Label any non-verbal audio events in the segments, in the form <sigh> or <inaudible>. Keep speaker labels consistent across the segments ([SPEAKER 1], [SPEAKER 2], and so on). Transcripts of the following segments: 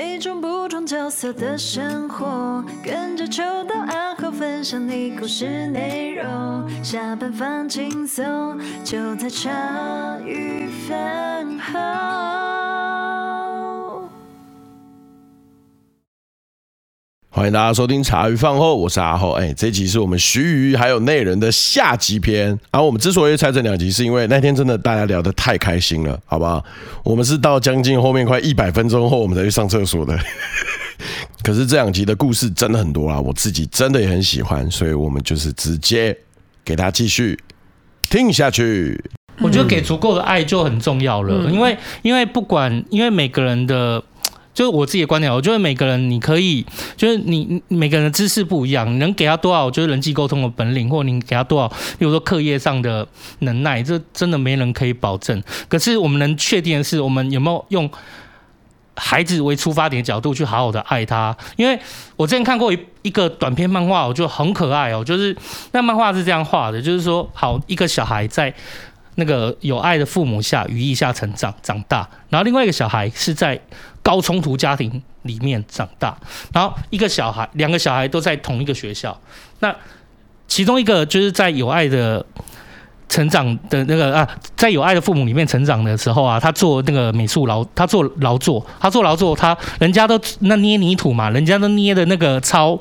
[SPEAKER 1] 每種不同角色的生活，跟着秋刀阿厚分享你故事內容。下班放輕鬆，就在茶魚飯後。
[SPEAKER 2] 歡迎大家收聽茶餘飯後，我是阿厚。哎、欸，這集是我們徐瑜還有內人的下集篇。啊，我們之所以拆成兩集，是因為那天真的大家聊得太開心了，好不好？我們是到將近後面快一百分鐘後，我們才去上廁所的呵呵。可是這兩集的故事真的很多啊，我自己真的也很喜歡，所以我們就是直接給大家繼續聽下去。嗯、我覺得給
[SPEAKER 3] 足夠的愛就很重要了，嗯、因為因為不管因為每個人的。就是我自己的觀點，我覺得每個人你可以，就是你每個人的知識不一樣，你能給他多少，就是人際溝通的本領，或你給他多少，比如說課業上的能耐，這真的沒人可以保證。可是我們能確定的是，我們有沒有用孩子為出發點的角度去好好的愛他？因為我之前看過一一個短篇漫畫，我覺得很可愛喔。就是那漫畫是這樣畫的，就是說，好一個小孩在。那個有愛的父母下，羽翼下成長長大，然後另外一個小孩是在高衝突家庭裡面長大，然後一個小孩，兩個小孩都在同一個學校，那其中一個就是在有愛的成長的那個啊，在有愛的父母裡面成長的時候啊，他做那個美術勞，他做勞作，他做勞作，他人家都那捏泥土嘛，人家都捏的那個操，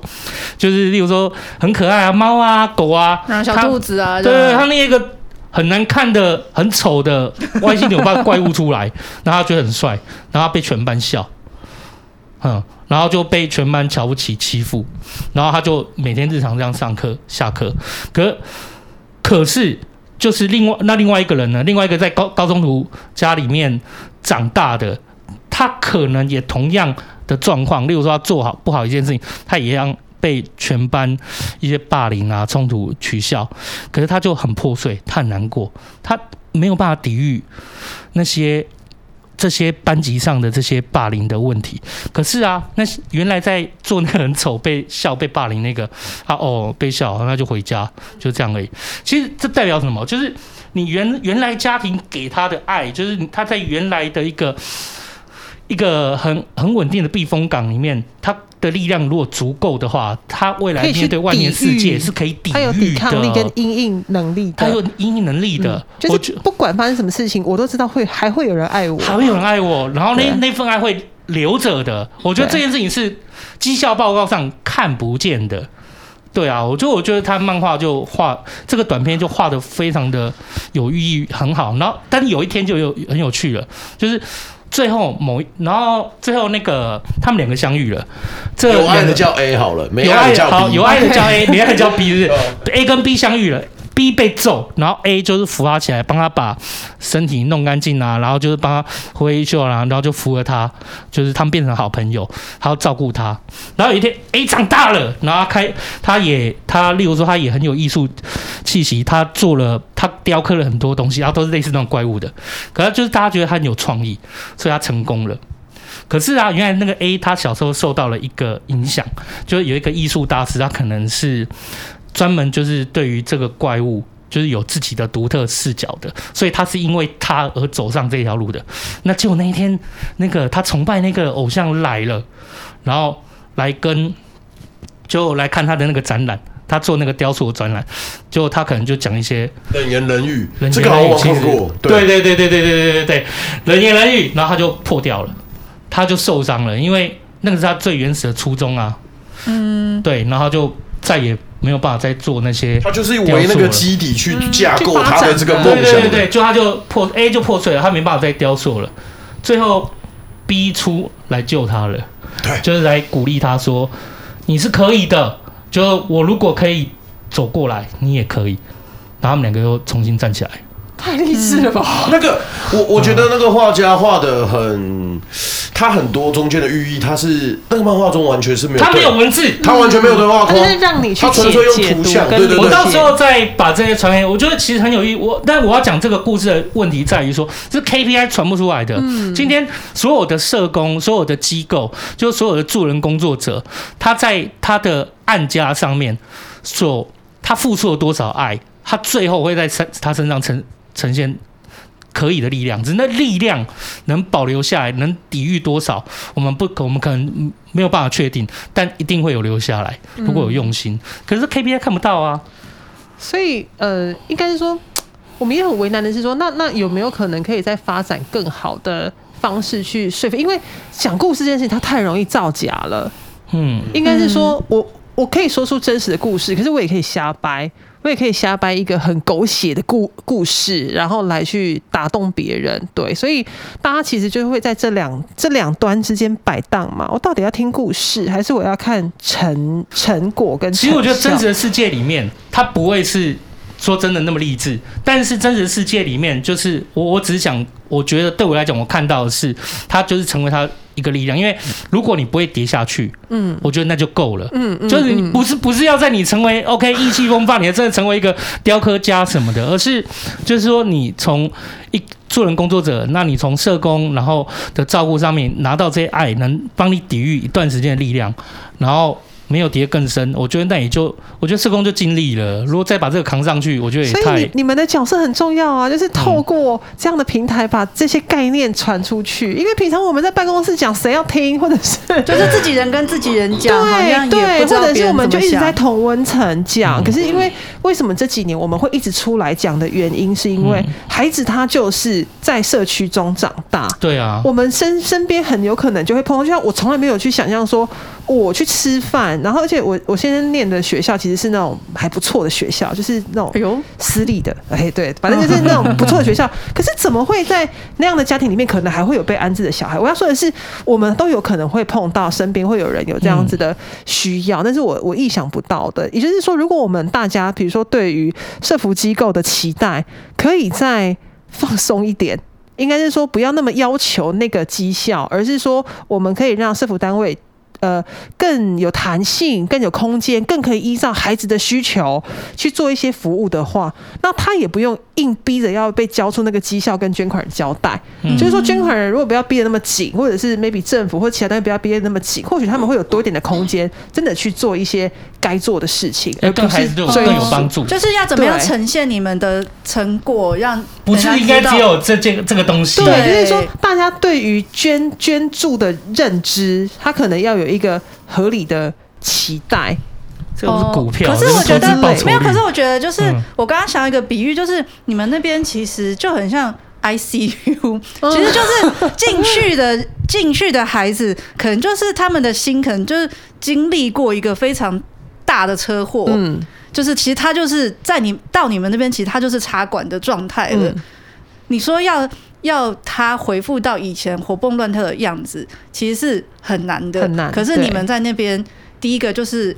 [SPEAKER 3] 就是例如說很可愛啊，貓啊，狗啊，然後，啊，小兔
[SPEAKER 1] 子啊，他對，他捏一
[SPEAKER 3] 個。很難看的、很醜的歪七扭八的怪物出來， <laughs> 然後他覺得很帥，然後他被全班笑，嗯，然後就被全班瞧不起、欺負，然後他就每天日常這樣上課、下課。可是可是，就是另外那另外一個人呢？另外一個在高高中途家裡面長大的，他可能也同樣的狀況。例如說，他做好不好一件事情，他也一樣。被全班一些霸凌啊、衝突、取笑，可是他就很破碎、他很難過，他沒有辦法抵禦那些這些班級上的這些霸凌的問題。可是啊，那原來在做那個很醜被、被笑、被霸凌那個，他哦被笑，那就回家，就這樣而已。其實這代表什麼？就是你原原來家庭給他的愛，就是他在原來的一個一個很很穩定的避風港裡面，他的力量如果足夠的話，他未來面對外面世界是可以抵御的，抵抵抗力跟因應能力，他有因應能力的，就是
[SPEAKER 4] 我就不管發生什麼事情，我都知道會還會有人愛我，還會有人
[SPEAKER 3] 愛我，然後那對那份愛會留着的。我覺得這件事情是績效報告上看不見的，對啊，我就我覺得他漫畫就畫這個短片就畫得非常的有寓意，很好。然後，但有一天就有很有趣了，就是。最後某，然後最後那個他們兩個相遇了。這有愛的叫 A 好了，沒有愛的叫 B。有愛的叫 A，哎，沒愛叫 B，就是 A 跟 B 相遇了。B 被揍，然後 A 就是扶他起來，幫他把身體弄乾淨啊，然後就是幫他揮衣袖啊，然後就扶着他，就是他們變成好朋友，還要照顧他。然後有一天，A 長大了，然後他開他也他，例如說他也很有藝術氣息，他做了他雕刻了很多東西，然後都是類似那種怪物的，可是就是大家覺得他很有創意，所以他成功了。可是啊，原來那個 A 他小時候受到了一個影響，就是有一個藝術大師，他可能是。專門就是對於這個怪物，就是有自己的獨特視角的，所以他是因為他而走上這條路的。那結果那一天，那個他崇拜那個偶像來了，然後來跟就來看他的那個展覽，他做那個雕塑的展覽，就他可能就講一些
[SPEAKER 2] 冷言冷語，這個我看過，對，
[SPEAKER 3] 對對對對對對對對冷言冷語，然後他就破掉了，他就受傷了，因為那個是他最原始的初衷啊，嗯，對，然後就再也沒有辦法再做那些，他就是為那個基
[SPEAKER 2] 底，去架構他的這個夢想。嗯、對，對對
[SPEAKER 3] 對，就他就破 A 就破碎了，他沒辦法再雕塑了。最後 B 出來救他了，對，就是來鼓勵他說：“你是可以的。”就我如果可以走過來，你也可以。然後他們兩個又重新站起來。
[SPEAKER 2] 太勵志了吧、嗯！那個，我我覺得那個畫家畫的很，嗯、他很多中間的寓意，他是那個漫畫中完全是沒有、啊。他沒有文字，嗯、他完全沒有對話框。他、啊、是讓你去解解他純粹用圖像。我到時候再把這些傳言，我覺得其實很有意義。我但我要講
[SPEAKER 3] 這個故事的問題在於說，這 KPI 傳不出來的。嗯、今天所有的社工、所有的機構，就是、所有的助人工作者，他在他的案家上面，所他付出了多少愛，他最後會在身他身上成，呈現可以的力量，只是那力量能保留下來，能抵禦多少，我們不，我們可能沒有辦法確定，但一定會有留下來，如果有用心。嗯、可是 KPI 看不到啊，
[SPEAKER 4] 所以呃，應該是說，我們也很為難的是說，那那有沒有可能可以再發展更好的方式去說服？因為講故事這件事情，它太容易造假了。嗯，應該是說、嗯、我我可以說出真實的故事，可是我也可以瞎掰。我也可以瞎掰一個很狗血的故故事，然後來去打動別人，對，所以大家其實就會在這兩這兩端之間擺盪嘛。我到底要聽故事，還是我要看成成果跟成效？跟其實我覺得真實的
[SPEAKER 3] 世界裡面，它不會是，說真的那麼勵志，但是真實世界裡面，就是我我只是想，我覺得對我來講，我看到的是他就是成為他一個力量，因為如果你不會跌下去，嗯，我覺得那就夠了，嗯嗯，嗯嗯就是你不是不是要在你成為 OK 意氣風發，你還真的成為一個雕刻家什麼的，而是就是說你從一做人工作者，那你從社工然後的照顧上面拿到這些愛，能幫你抵禦一段時間的力量，然後。沒有跌更深，我覺得那也就，我覺得社工就盡力了。如果再把這個扛上去，我覺得也可以。所以你，
[SPEAKER 4] 你們的角色很重要啊，就是透過這樣的平台把這些概念傳出去。嗯、因為平常我們在辦公室講，誰要聽？或者是就是自己
[SPEAKER 1] 人跟自己人講， <laughs> 對對，或者是我們就一直在同
[SPEAKER 4] 溫層講。嗯、可是因為為什麼這幾年我們會一直出來講的原因，是因為、嗯、孩子他就是在社區中長大。對啊，我們身身邊很有可能就會碰到，就像我從來沒有去想象說。我去吃飯，然後而且我我現在念的學校其實是那種還不錯的學校，就是那種私立的，哎呦對，反正就是那種不錯的學校。 <laughs> 可是怎麼會在那樣的家庭裡面，可能還會有被安置的小孩？我要說的是，我們都有可能會碰到身邊會有人有這樣子的需要，但是我我意想不到的，也就是說，如果我們大家比如說對於社服機構的期待，可以再放鬆一點，應該是說不要那麼要求那個績效，而是說我們可以讓社服單位。呃，更有彈性，更有空間，更可以依照孩子的需求去做一些服務的話，那他也不用硬逼着要被交出那個績效跟捐款人交代。嗯、就是說，捐款人如果不要逼得那麼緊，或者是 maybe 政府或其他單位不要逼得那麼緊，或許他們會有多一點的空間，真的去做一些該做的
[SPEAKER 1] 事情，
[SPEAKER 3] 嗯、而不是，是有更有幫助、哦。就是要怎麼樣呈
[SPEAKER 1] 現你們的成果，對讓。
[SPEAKER 3] 不就是應該只有這這這個東西？對，對就是說，
[SPEAKER 1] 大家對於捐捐助的
[SPEAKER 4] 認知，他可能要有一個合理的期待。這個不是股票，
[SPEAKER 3] 就可是我覺得沒有。可是我覺得，就是、嗯、
[SPEAKER 1] 我剛剛想一個比喻，就是你們那邊其實就很像 ICU，、嗯、其實就是進去的進、嗯、去的孩子，可能就是他們的心，可能就是經歷過一個非常大的車禍。嗯。就是其實他就是在你到你們那邊，其實他就是插管的狀態了。嗯、你說要要他恢復到以前活蹦亂跳的樣子，其實是很難的。很難，可是你們在那邊，對第一個就是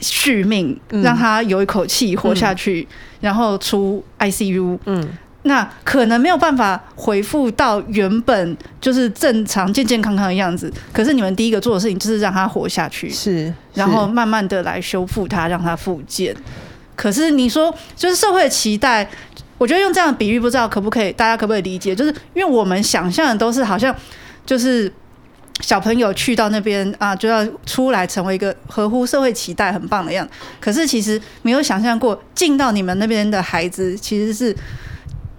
[SPEAKER 1] 續命，嗯、讓他有一口氣活下去，嗯、然後出 ICU。嗯。那可能沒有辦法恢復到原本就是正常健健康康的樣子。可是你們第一個做的事情就是讓他活下去，是，然後慢慢的來修復他，讓他復健。可是你說，就是社會期待，我覺得用這樣的比喻，不知道可不可以，大家可不可以理解？就是因為我們想象的都是好像就是小朋友去到那邊啊，就要出來成為一個合乎社會期待、很棒的樣子。可是其實沒有想象過，進到你們那邊的孩子其實是。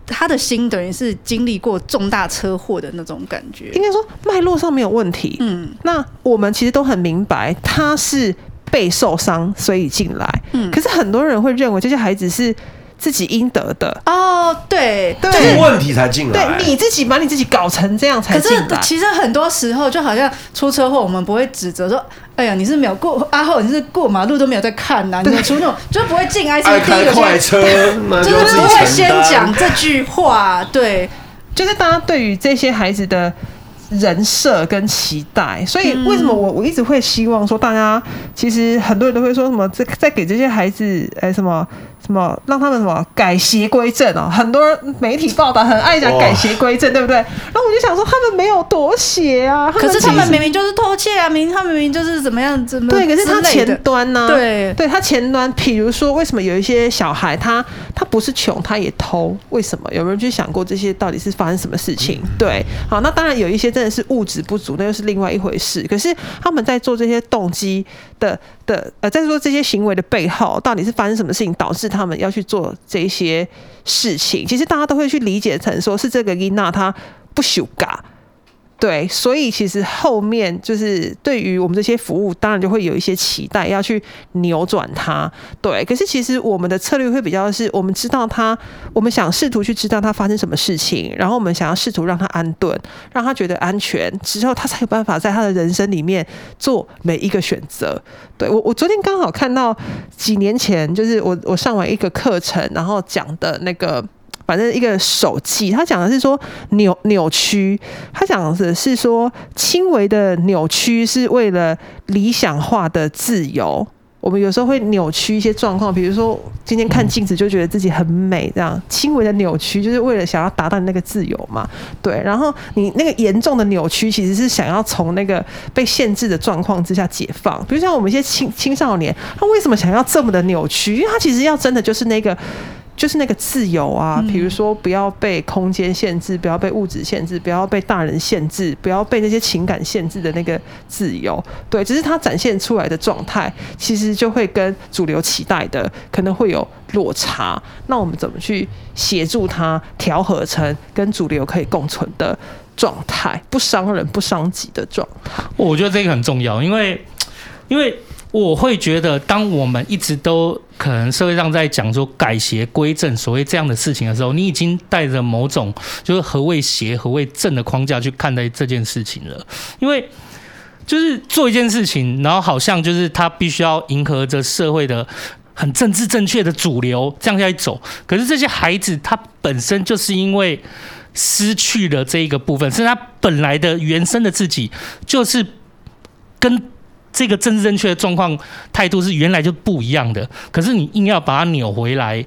[SPEAKER 1] 他的心等於是經歷過重大車禍的那種感覺，應該
[SPEAKER 4] 說脈絡上沒有問題。嗯，那我們其實都很明白，他是被受傷，所以進來。嗯，可是很多人會認為這些孩子是。自己應得的
[SPEAKER 1] 哦，對，就是問題
[SPEAKER 2] 才進來。對，你自
[SPEAKER 1] 己把你自己搞成這樣才進來。可是，其實很多時候就好像出車禍，我們不會指責說：“哎呀，你是沒有過阿、啊、後你是過馬路都沒有在看吶、啊。對”你出那種對就是不會進
[SPEAKER 2] I C D。開快車，就是不會先講這
[SPEAKER 1] 句
[SPEAKER 4] 話。對，就是大家對於這些孩子的人設跟期待，所以為什麼我我一直會希望說，大家、嗯、其實很多人都會說什麼，在在給這些孩子，哎什麼。什麼讓他們什麼改邪歸正哦？很多媒體報道很愛講改邪歸正，哦啊、對不對？然後我就想說，他們沒有躲邪啊！可是他們明
[SPEAKER 1] 明就是偷竊啊！明他明明就是怎麼樣子？怎麼的對，可是他前端呢？啊？對，
[SPEAKER 4] 對他前端，譬如說，為什麼有一些小孩他他不是窮他也偷？為什麼？有沒有人去想過這些到底是發生什麼事情？對，好，那當然有一些真的是物質不足，那又是另外一回事。可是他們在做這些動機。的的，呃，在說這些行為的背後，到底是發生什麼事情，導致他們要去做這些事情？其實大家都會去理解成說，是這個囡仔她不受教。對，所以其實後面就是對於我們這些服務，當然就會有一些期待，要去扭轉他。對，可是其實我們的策略會比較是，我們知道他，我們想試圖去知道他發生什麼事情，然後我們想要試圖讓他安頓，讓他覺得安全之後，他才有辦法在他的人生裡面做每一個選擇。對，我我昨天剛好看到幾年前，就是我我上完一個課程，然後講的那個。反正一個手記，他講的是說扭扭曲，他講的是是說輕微的扭曲是為了理想化的自由。我們有時候會扭曲一些狀況，比如說今天看鏡子就覺得自己很美，這樣、嗯、輕微的扭曲就是為了想要達到那個自由嘛？對。然後你那個嚴重的扭曲其實是想要從那個被限制的狀況之下解放。比如像我們一些青青少年，他為什麼想要這麼的扭曲？因為他其實要真的就是那個。就是那個自由啊，比如說不要被空間限制，不要被物質限制，不要被大人限制，不要被那些情感限制的那個自由，對，只是他展現出來的狀態，其實就會跟主流期待的可能會有落差。那我們怎麼去協助他調和成跟主流可以共存的狀態，不傷人不傷己的狀
[SPEAKER 3] 態？我覺得這個很重要，因為，因為。我會覺得，當我們一直都可能社會上在講說改邪歸正所謂這樣的事情的時候，你已經帶着某種就是何謂邪何謂正的框架去看待這件事情了。因為就是做一件事情，然後好像就是他必須要迎合着社會的很政治正確的主流這樣下去走。可是這些孩子，他本身就是因為失去了這一個部分，是他本來的原生的自己，就是跟。這個政治正確的狀況態度是原來就不一樣的，可是你硬要把它扭回來，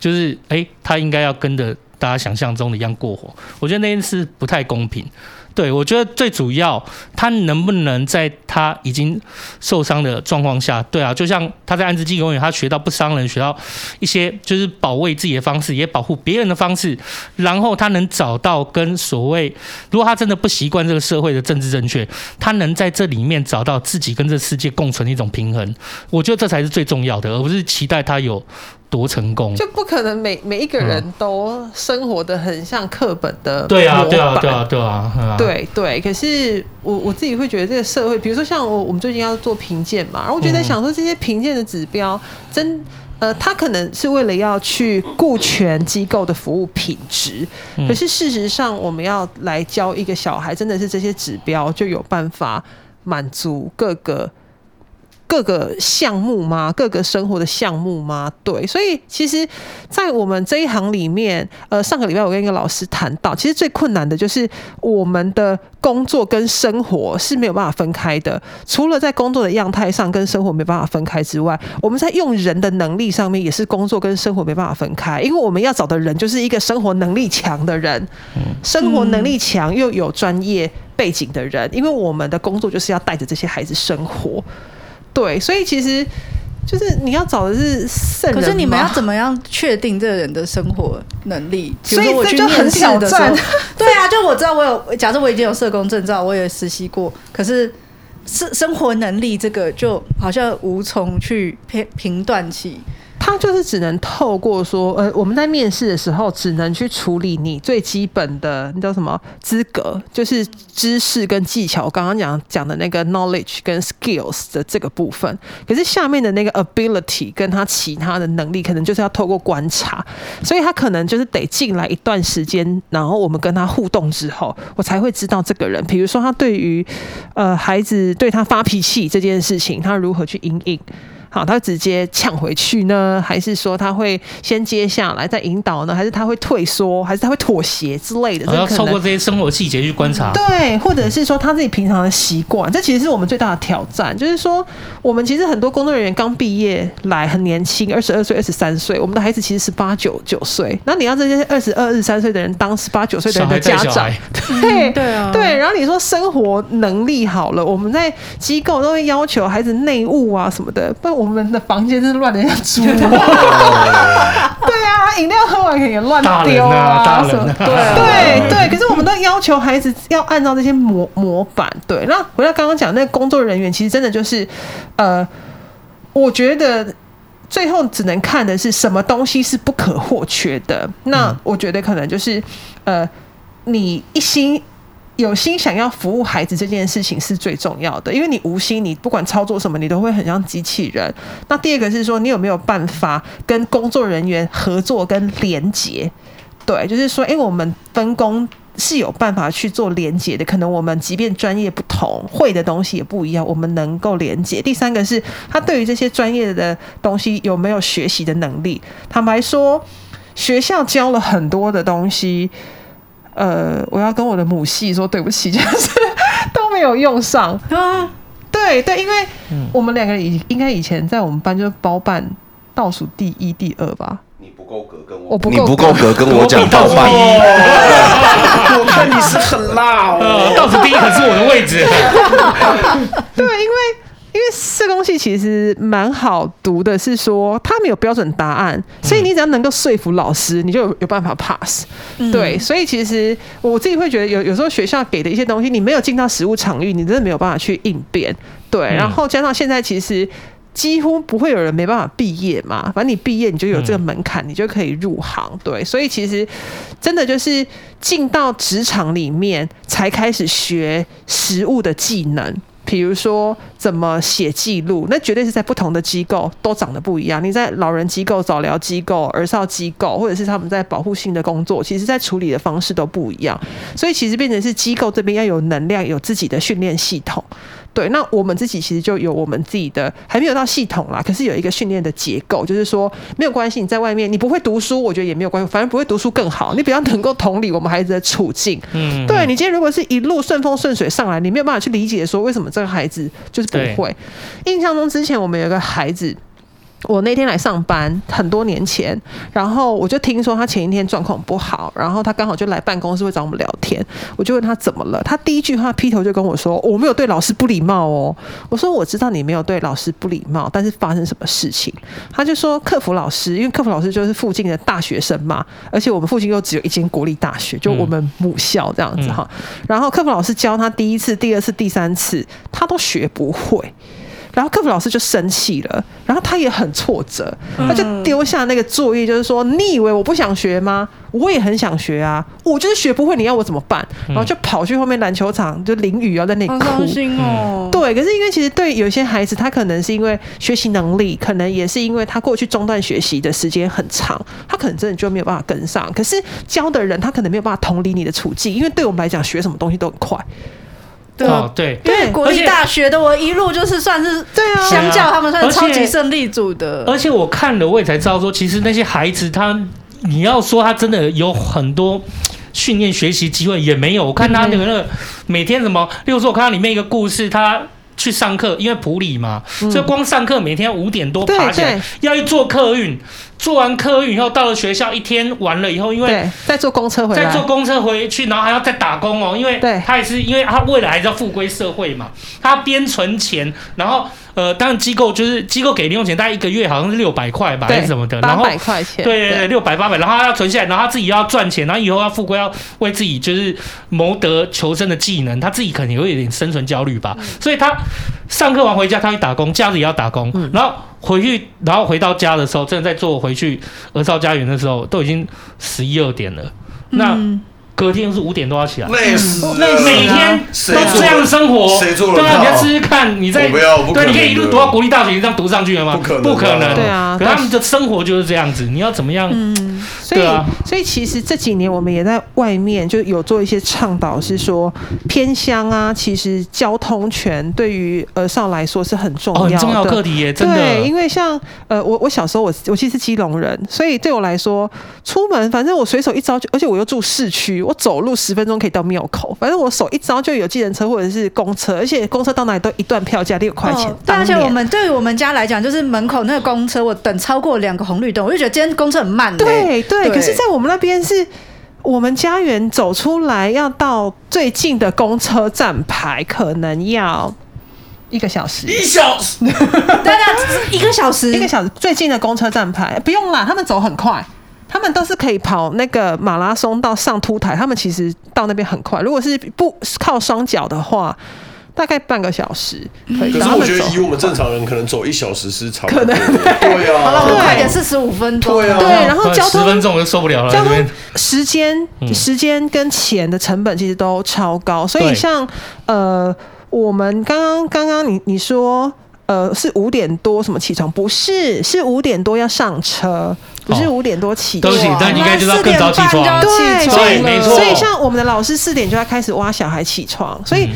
[SPEAKER 3] 就是誒，他應該要跟着。大家想象中的一樣過火，我覺得那件事不太公平。對，我覺得最主要，他能不能在他已經受傷的狀況下，對啊，就像他在安置機構永遠，他學到不傷人，學到一些就是保衛自己的方式，也保護別人的方式。然後他能找到跟所謂，如果他真的不習慣這個社會的政治正確，他能在這裡面找到自己跟這世界共存的一種平衡。我覺得這才是最重要的，而不是期待他有。多成功，就
[SPEAKER 4] 不可能每每一個人都生活得很像課本的、嗯、對啊，對啊，對啊，對啊，
[SPEAKER 3] 對啊對，
[SPEAKER 4] 對。可是我我自己會覺得，這個社會，比如說像我，我們最近要做評鑑嘛，然後我覺得想說，這些評鑑的指標真，真、嗯、呃，他可能是為了要去顧全機構的服務品質，可是事實上，我們要來教一個小孩，真的是這些指標就有辦法滿足各個。各個項目嗎？各個生活的項目嗎？對，所以其實，在我們這一行裡面，呃，上個禮拜我跟一個老師談到，其實最困難的就是我們的工作跟生活是沒有辦法分開的。除了在工作的樣態上跟生活沒辦法分開之外，我們在用人的能力上面也是工作跟生活沒辦法分開，因為我們要找的人就是一個生活能力強的人，生活能力強又有專業背景的人，因為我們的工作就是要帶着這些孩子生活。對，所以其實就是你要找的
[SPEAKER 1] 是聖人嘛。可是你們要怎麼樣確定這個人的生活能力？所以這就很挑戰。 <laughs> 對啊，就我知道我有，假設我已經有社工證照，我也實習過。可是生生活能力這個，就好像無從去評評斷起。他就是只能透過說，呃，我們在面試的時候，只能去處理你
[SPEAKER 4] 最基本的你叫什麼資格，就是知識跟技巧。我剛剛講講的那個 knowledge 跟 skills 的這個部分，可是下面的那個 ability 跟他其他的能力，可能就是要透過觀察，所以他可能就是得進來一段時間，然後我們跟他互動之後，我才會知道這個人，比如說他對於呃孩子對他發脾氣這件事情，他如何去因應。好，他會直接嗆回去呢？還是說他會先接下來再引導呢？還是他會退縮，還是他會妥協之類的？你要透過這
[SPEAKER 3] 些生活細節去觀察。嗯，
[SPEAKER 4] 對，或者是說他自己平常的習慣，這其實是我們最大的挑戰，就是說我們其實很多工作人員剛畢業來很年輕，二十二歲、二十三歲，我們的孩子其實是十八九九歲，那你讓這些二十二、二十三歲的人當十八九歲的人的家長，對、嗯、對啊，對，然後你說生活能力好了，我們在機構都會要求孩子內務啊什麼的，我們的房間真的亂的要死， <laughs> <laughs> 對啊，飲料喝完也亂丟啊，啊啊對 <laughs> 對對，可是我們都要求孩子要按照這些模模板，對，那回到剛剛講，那個工作人員其實真的就是，呃，我覺得最後只能看的是什麼東西是不可或缺的，那我覺得可能就是，呃，你一心。有心想要服務孩子這件事情是最重要的，因為你無心，你不管操作什麼，你都會很像機器人。那第二個是說，你有沒有辦法跟工作人員合作跟連接？對，就是說，因為我們分工是有辦法去做連接的。可能我們即便專業不同，會的東西也不一樣，我們能夠連接。第三個是他對於這些專業的東西有沒有學習的能力？坦白說，學校教了很多的東西。呃，我要跟我的母系說對不起，就是都沒有用上啊。對對，因為我們兩個以應該以前在我們班就是包辦倒數第一、第二吧。你、
[SPEAKER 2] 嗯、不夠格跟我，你不夠格跟我講包辦。
[SPEAKER 4] 我看你是很辣哦。哦，倒數第一可是我的位置。 <laughs> <laughs> 對，因為。因為這東西其實蠻好讀的，是說它沒有標準答案，所以你只要能夠說服老師，你就有辦法 pass，嗯。對，所以其實我自己會覺得有，有有時候學校給的一些東西，你沒有進到實務場域，你真的沒有辦法去應變。對，嗯。然後加上現在其實幾乎不會有人沒辦法畢業嘛，反正你畢業你就有這個門檻，你就可以入行。對，所以其實真的就是進到職場裡面才開始學實務的技能。比如說，怎麼寫記錄，那絕對是在不同的機構都長得不一樣。你在老人機構、早療機構、兒少機構，或者是他們在保護性的工作，其實在處理的方式都不一樣。所以，其實變成是機構這邊要有能量，有自己的訓練系統。對，那我們自己其實就有我們自己的，還沒有到系統啦，可是有一個訓練的結構，就是說沒有關係，你在外面你不會讀書，我覺得也沒有關係，反正不會讀書更好，你比較能夠同理我們孩子的處境。嗯，對，你今天如果是一路順風順水上來，你沒有辦法去理解說為什麼這個孩子就是不會。對印象中之前我們有個孩子。我那天來上班很多年前。然後我就聽說他前一天狀況不好，然後他剛好就來辦公室會找我們聊天，我就問他怎麼了，他第一句話劈頭就跟我說，哦：“我沒有對老師不禮貌哦。”我說：“我知道你沒有對老師不禮貌，但是發生什麼事情？”他就說：“課輔老師，因為課輔老師就是附近的大學生嘛，而且我們附近又只有一間國立大學，就我們母校這樣子哈。嗯”嗯、然後課輔老師教他第一次，第二次，第三次，他都學不會。然後課輔老師就生氣了，然後他也很挫折，他就丟下那個作業，就是說，嗯、你以為我不想學嗎？我也很想學啊，我就是學不會，你要我怎麼辦？然後就跑去後面籃球場，就淋雨，要在那裡哭。嗯、好傷心哦。對，可是因為其實對有些孩子，他可能是因為學習能力，可能也是因為他過去中斷學習的時間很長，他可能真的就沒有辦法跟上。可是教的人他可能沒有辦法同理你的處境，因為對我們來講，學什麼東西都很快。
[SPEAKER 3] 對對，哦、對國
[SPEAKER 1] 立大學的我一路就是算是對啊，相較他們算是超級勝利組的而、啊
[SPEAKER 3] 而。而且我看了，我也才知道說，其實那些孩子他，你要說他真的有很多訓練學習機會也沒有。我看他那個那個每天什麼，例如說，我看到裡面一個故事，他去上課，因為埔里嘛，就、嗯、光上課每天要五點多爬起來要去做客運。做完客運以後，到了學校一天完了以後，因為
[SPEAKER 4] 再坐公車回再坐
[SPEAKER 3] 公車回去，然後還要再打工哦，因為他也是因為他未來還是要复歸社會嘛，他邊存錢，然後呃，當然機構就是機構給零用錢，大概一個月好像是六百塊吧，還是什麼的，八百塊錢，對對對，六百八百，然後他要存下來，然後他自己要賺錢，然後以後要复歸，要為自己就是謀得求生的技能，他自己可能也會有點生存焦慮吧，所以他上課完回家，他要打工，假日也要打工，然後。回去，然後回到家的時候，正在坐回去兒少家園的時候，都已經十一二點了。嗯、那隔天又是五點多要起來，累死、嗯！累死每天都這樣的生活，人對啊，你要試試看，你在對，你可以一路讀到國立大學，你這樣讀上去了嗎？不可，不可能，不可能！對啊，可他們的生活就是這樣子，你要怎麼樣？嗯所以，
[SPEAKER 4] 所以其實這幾年我們也在外面就有做一些倡導，是說偏鄉啊，其實交通權對於兒少來說是很重要的。哦、重要也、欸、真的對，因為像呃我我小時候我我其實是基隆人，所以對我來說出門反正我隨手一招就，而且我又住市區，我走路十分鐘可以到廟口，反正我手一招就有計程車或者是公車，而且公車到哪裡都一段票價六塊錢。對，哦、而且我
[SPEAKER 1] 們對於我們家來講，就是門口那個公車，我等超過兩個紅綠燈，我就覺得今天公車很慢、欸。對。對，可是，在我們那邊是我們家
[SPEAKER 4] 園走出來，要到最近的公車站牌，可能要一個小時。一小
[SPEAKER 3] 時？
[SPEAKER 4] <laughs> 一個小時，一個小時。最近的公車站牌不用啦，他們走很快，他們都是可以跑那個馬拉松到上凸台，他們其實到那邊很快。如果是不靠雙腳的話。大概半個
[SPEAKER 2] 小時，可是我覺得以我們正常人可能走一小時是超長，可能
[SPEAKER 1] 對啊，對，也四十五分鐘，對啊，對，然
[SPEAKER 2] 後交通十分鐘我就受不了了。交通時間時
[SPEAKER 4] 間跟錢的成本其實都超高，所以像呃，我們剛剛剛剛你你說呃是五點多什麼起床？不是，是五點多要上車，不是五點多起，都行，但應該就要四點半就要起床了。對，沒錯。所以像我們的老師四點就要開始挖小孩起床，所以。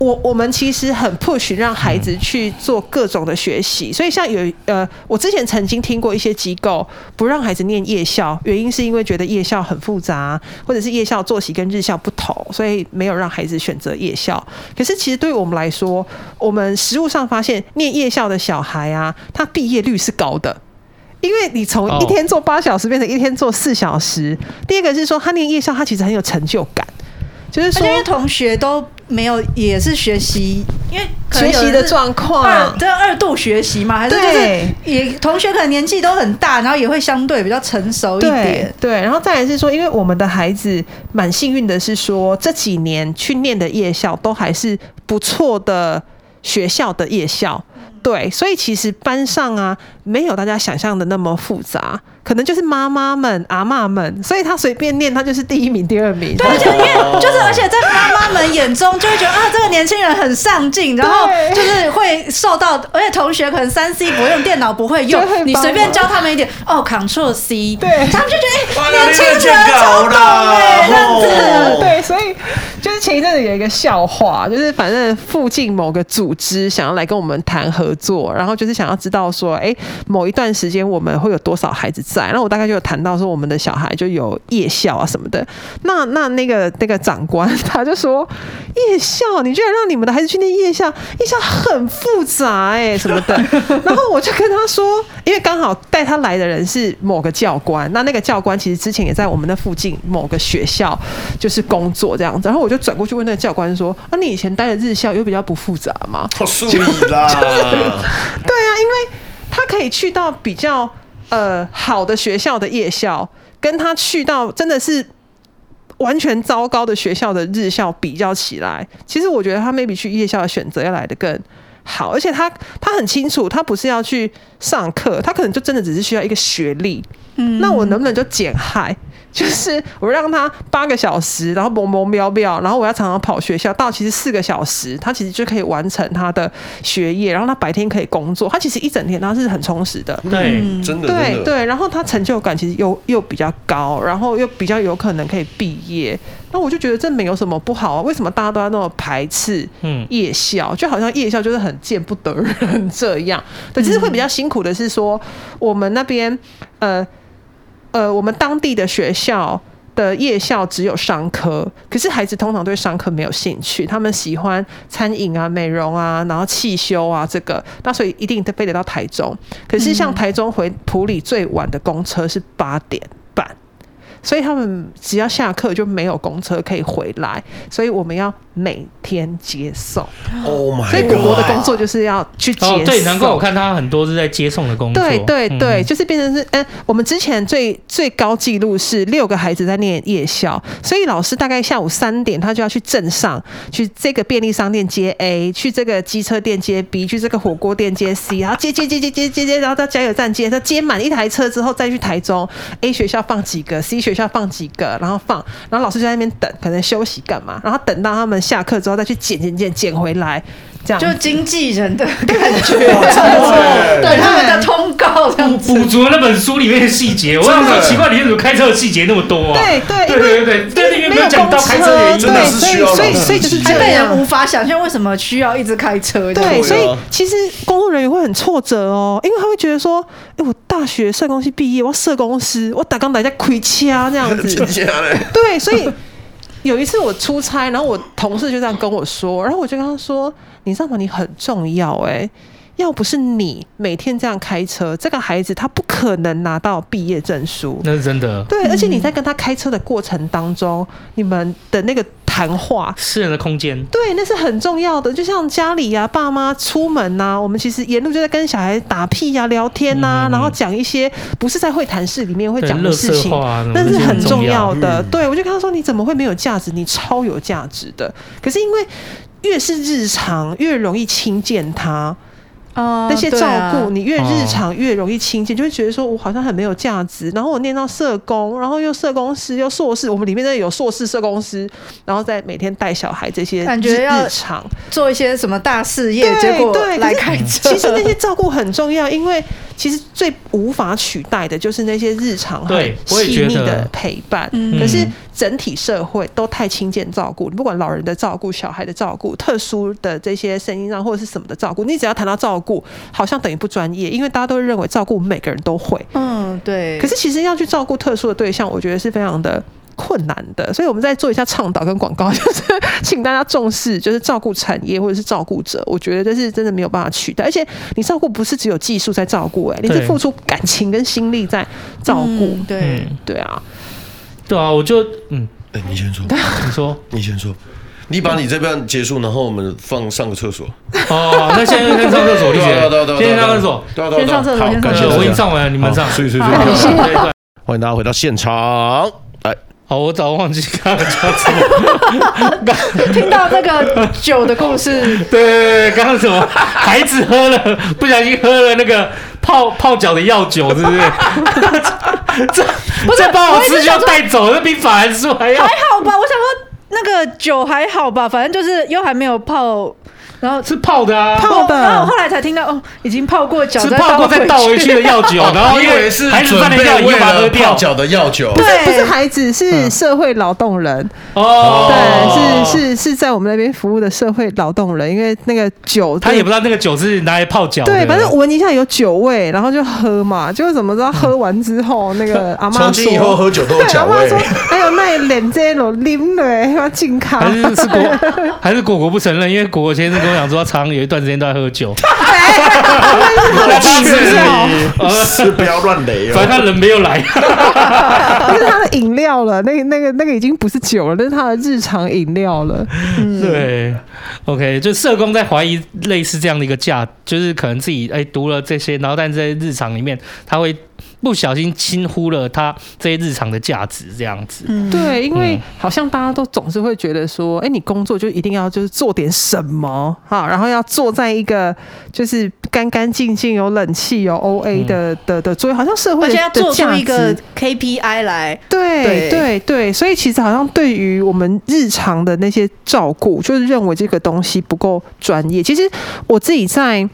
[SPEAKER 4] 我我們其實很 push 讓孩子去做各種的學習，所以像有呃，我之前曾經聽過一些機構不讓孩子念夜校，原因是因為覺得夜校很複雜，或者是夜校作息跟日校不同，所以沒有讓孩子選擇夜校。可是其實對我們來說，我們實務上發現念夜校的小孩啊，他畢業率是高的，因為你從一天做八小時變成一天做四小時。第二個是說，他念夜校，他其實很
[SPEAKER 1] 有成就感。就是說，因為同學都沒有，也是學習，因為可能有學習的狀況，對，這二度學習嘛，還是就是也同學可能年紀都很大，然後也會相對比較成熟一點。對，對，然後再來是說，因為我們的孩子
[SPEAKER 4] 蠻幸運的，是說這幾年去念的夜校都還是不錯的學校的夜校，對，所以其實班上啊，沒有大家想象的那麼複雜。可能就是媽媽們、阿嬤們，所以他隨便念，他就是第一名、第二名。對，而且因為 <laughs> 就是，而且在媽媽們
[SPEAKER 1] 眼中，就會覺得啊，這個年輕人很上進，對然後就是會受到，而且同學可能三 C 不用電腦，不會用，會用會你隨便教他們一點， <laughs> 哦，Ctrl C，對，他們就
[SPEAKER 2] 覺得年輕人超棒，欸， <laughs> 對，
[SPEAKER 4] 對，所以就是前一陣子有一個笑話，就是反正附近某個組織想要來跟我們談合作，然後就是想要知道說，哎、欸，某一段時間我們會有多少孩子。在，然後我大概就有談到說，我們的小孩就有夜校啊什麼的。那那那個那個長官他就說，夜校，你居然讓你們的孩子去念夜校，夜校很複雜哎、欸、什麼的。 <laughs> 然後我就跟他說，因為剛好帶他來的人是某個教官，那那個教官其實之前也在我們的附近某個學校就是工作這樣子。然後我就轉過去問那個教官說，啊，你以前待的日校有比較不複雜
[SPEAKER 2] 嗎？好、哦、素、就是、
[SPEAKER 4] 對啊，因為他可以去到比較。呃，好的學校的夜校，跟他去到真的是完全糟糕的學校的日校比較起來，其實我覺得他 maybe 去夜校的選擇要來得更好，而且他他很清楚，他不是要去上課，他可能就真的只是需要一個學歷，嗯，那我能不能就減害？就是我讓他八個小時，然後萌萌喵喵，然後我要常常跑學校，到其實四個小時，他其實就可以完成他的學業，然後他白天可以工作，他其實一整天他是很充實的。對，嗯，真的
[SPEAKER 2] 真的。對對，
[SPEAKER 4] 然後他成就感其實又又比較高，然後又比較有可能可以畢業。那我就覺得這沒有什麼不好啊，為什麼大家都要那麼排斥夜校？嗯，就好像夜校就是很見不得人這樣。對，其實會比較辛苦的是說我們那邊呃。呃，我們當地的學校的夜校只有商科，可是孩子通常對商科沒有興趣，他們喜歡餐飲啊、美容啊，然後汽修啊，這個，那所以一定得非得到台中。可是像台中回埔里最晚的公車是八點半，嗯、所以他們只要下課就沒有公車可以回來，所以我們要。每天接送，Oh my God。所以國國的工作就是要去接送。Oh oh, 對，難怪我看
[SPEAKER 3] 他很多是在接送的工作。對對對，就
[SPEAKER 4] 是變成是，哎、呃，我們之前最最高紀錄是六個孩子在念夜校，所以老師大概下午三點他就要去鎮上，去這個便利商店接 A，去這個機車店接 B，去這個火鍋店接 C，然後接接接接接接接，然後到加油站接，他接滿一台車之後再去台中。A 學校放幾個，C 學校放幾個，然後放，然後老師就在那邊等，可能休息幹嘛，然後等到他們。下課之後再去撿撿撿撿回來，這樣就經
[SPEAKER 1] 紀人的
[SPEAKER 3] 感覺，對他們的通告這樣，補足那本書裡面的細節。我好奇怪，你怎麼開車的細節那麼多？對對對對對對，因為沒有講到開車，真的失去所以所以就是被人無
[SPEAKER 1] 法想象為什麼需要一直開車。對，所以其實工作人員會很挫折哦，因為他會覺得說，哎，我大學
[SPEAKER 4] 社工系畢業，我社工師，我打鋼打家盔槍這樣子，對，所以。有一次我出差，然後我同事就這樣跟我說，然後我就跟他說：“你知道嗎？你很重要誒、欸。要不是你每天這樣開車，這個孩子他不可能拿到畢業證書。”
[SPEAKER 3] 那是真的。對，
[SPEAKER 4] 而且你在跟他開車的過程當中，嗯、你們的那個。談話
[SPEAKER 3] 私人的空間，
[SPEAKER 4] 對，那是很重要的。就像家裡啊，爸媽出門吶、啊，我們其實沿路就在跟小孩打屁呀、啊、聊天吶、啊，嗯、然後講一些不是在會談室裡面會講的事情，那是、啊、很重要的。嗯、對，我就跟他說：“你怎麼會沒有價值？你超有價值的。”可是因為越是日常，越容易輕賤他。那、哦、些照顧、啊、你越日常越容易輕賤，哦、就會覺得說我好像很沒有價值。然後我念到社工，然後又社工師又碩士，我們裡面真的有碩士社工師，然後再每天帶小孩這些感覺日常做一些什麼大事業，對對，來開車。其實那些照顧很重要，因為其實最無法取代的就是那些日常對細膩的陪伴。嗯、可是整體社會都太輕賤照顧，不管老人的照顧、小孩的照顧、特殊的這些身心障，或者是什麼的照顧，你只要談到照顧。好像等於不專業，因為大家都認為照顧我們每個人都會。嗯，
[SPEAKER 1] 對。可是其
[SPEAKER 4] 實要去照顧特殊的對象，我覺得是非常的困難的。所以我們再做一下倡導跟廣告，就是請大家重視，就是照顧產業或者是照顧者，我覺得這是真的沒有辦法取代。而且你照顧不是只有技術在照顧，哎，你是付出感情跟心力在照顧。對，對啊，
[SPEAKER 2] 對啊，我就嗯，哎、欸，你先說，你說，你先說。你把你這邊結束，然後我們放上個廁所。哦，那現在先上廁所，對對對對對，先上廁所，先上廁所。好，感謝，我已經上完了，你們上。歡迎歡迎，歡迎大家回到現場。哎，好，我早忘記剛剛。
[SPEAKER 3] 聽到那個酒的故事，對對對，剛剛什麼？孩子喝了，不小心喝了那個泡泡腳的藥酒，是不是？這這把我自己要帶走，那比反而是還要。還好吧，
[SPEAKER 1] 我想說。那個酒還好吧，反正就是又還沒有泡，然後是泡的啊，泡的。然後後來才聽到，哦，已經泡過腳，是泡過再倒回去的藥酒。然後因
[SPEAKER 2] 為是準備要用來泡腳的藥酒。對，不是
[SPEAKER 1] 孩子，是社會勞動人
[SPEAKER 4] 哦，
[SPEAKER 3] 對，
[SPEAKER 4] 是是是在我們那邊服務的社會勞動人。因為那個酒，
[SPEAKER 3] 他也不知道那個酒是拿來泡腳。對，反正聞
[SPEAKER 4] 一下有酒味，然後就喝嘛，就怎麼知道喝完之後那個阿媽說，從今以後喝酒都有腳味。哎呦，那一臉這種拎嘞。要還是是國，
[SPEAKER 3] 還是國國不承認，因為國國先生跟我講說，他常常有一段時間都在喝酒。哈哈哈！哈不要亂雷，反正他人沒有來。
[SPEAKER 4] 那是他的飲 <laughs> <laughs> 料了，那個、那個、那個已經不是酒了，那是他的日常飲料了。 <laughs> 嗯、
[SPEAKER 3] 對，OK，就社工在懷疑類似這樣的一個價就是可能自己哎、欸、讀了這些，然後但在日常裡面他會。不小心輕忽了他這些日常的價值，這樣子。嗯、對，因為
[SPEAKER 4] 好像大家都總是會覺得說，哎、嗯，你工作就一定要就是做點什麼哈、啊，然後要坐在一個就是乾乾淨淨、有冷氣、有 O A 的的的座位、嗯，好像社會而且要做出一個
[SPEAKER 1] K P I 來。對對對，
[SPEAKER 4] 對，所以其實好像對於我們日常的那些照顧，就是認為這個東西不夠專業。其實我自己在。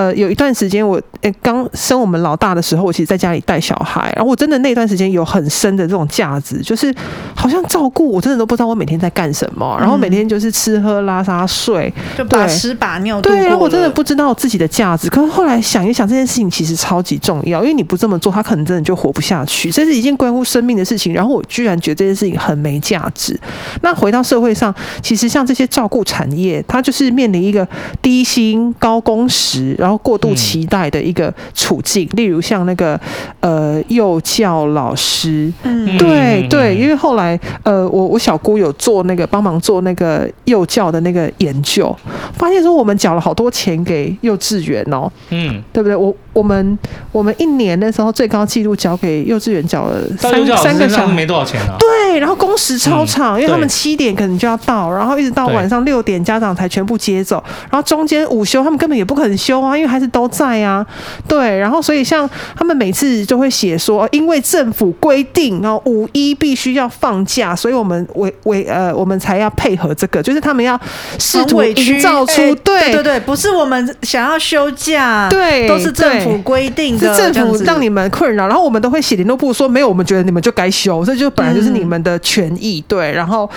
[SPEAKER 4] 呃，有一段時間我、欸、剛生我們老大的時候，我其實在家裡帶小孩，然後我真的那段時間有很深的這種價值，就是好像照顧我，真的都不知道我每天在幹什麼，然後每天就是吃喝拉撒睡，嗯、對就把屎把
[SPEAKER 1] 尿。對啊，我真的
[SPEAKER 4] 不知道我自己的價值。可是後來想一想，這件事情其實超級重要，因為你不這麼做，他可能真的就活不下去，這是一件關乎生命的事情。然後我居然覺得這件事情很沒價值。那回到社會上，其實像這些照顧產業，它就是面臨一個低薪高工時，然後。然後過度期待的一個處境，嗯、例如像那個呃幼教老師，嗯，對對，因為後來呃我我小姑有做那個幫忙做那個幼教的那個研究，發現說我們繳了好多錢給幼稚園哦，嗯，對不對？我我們我們一年的時候最高紀錄繳給幼稚園繳了三個三個小
[SPEAKER 3] 沒多少錢啊，
[SPEAKER 4] 對，然後工時超長，嗯、因為他們七點可能就要到，然後一直到晚上六點家長才全部接走，對然後中間午休他們根本也不可能休、啊。因為還是都在呀、啊，對，然後所以像他們每次就會寫說，因為政府規定然後五一必須要放假，所以我們為為呃，我們才要配合這個，就是他們要試圖營造出、欸、對對對，
[SPEAKER 1] 不是我們想要休假，對，都是政府規定的，是政府讓
[SPEAKER 4] 你們困擾，然後我們都會寫聯絡簿說沒有，我們覺得你們就該休，這就本來就是你們的權益，
[SPEAKER 1] 對，然後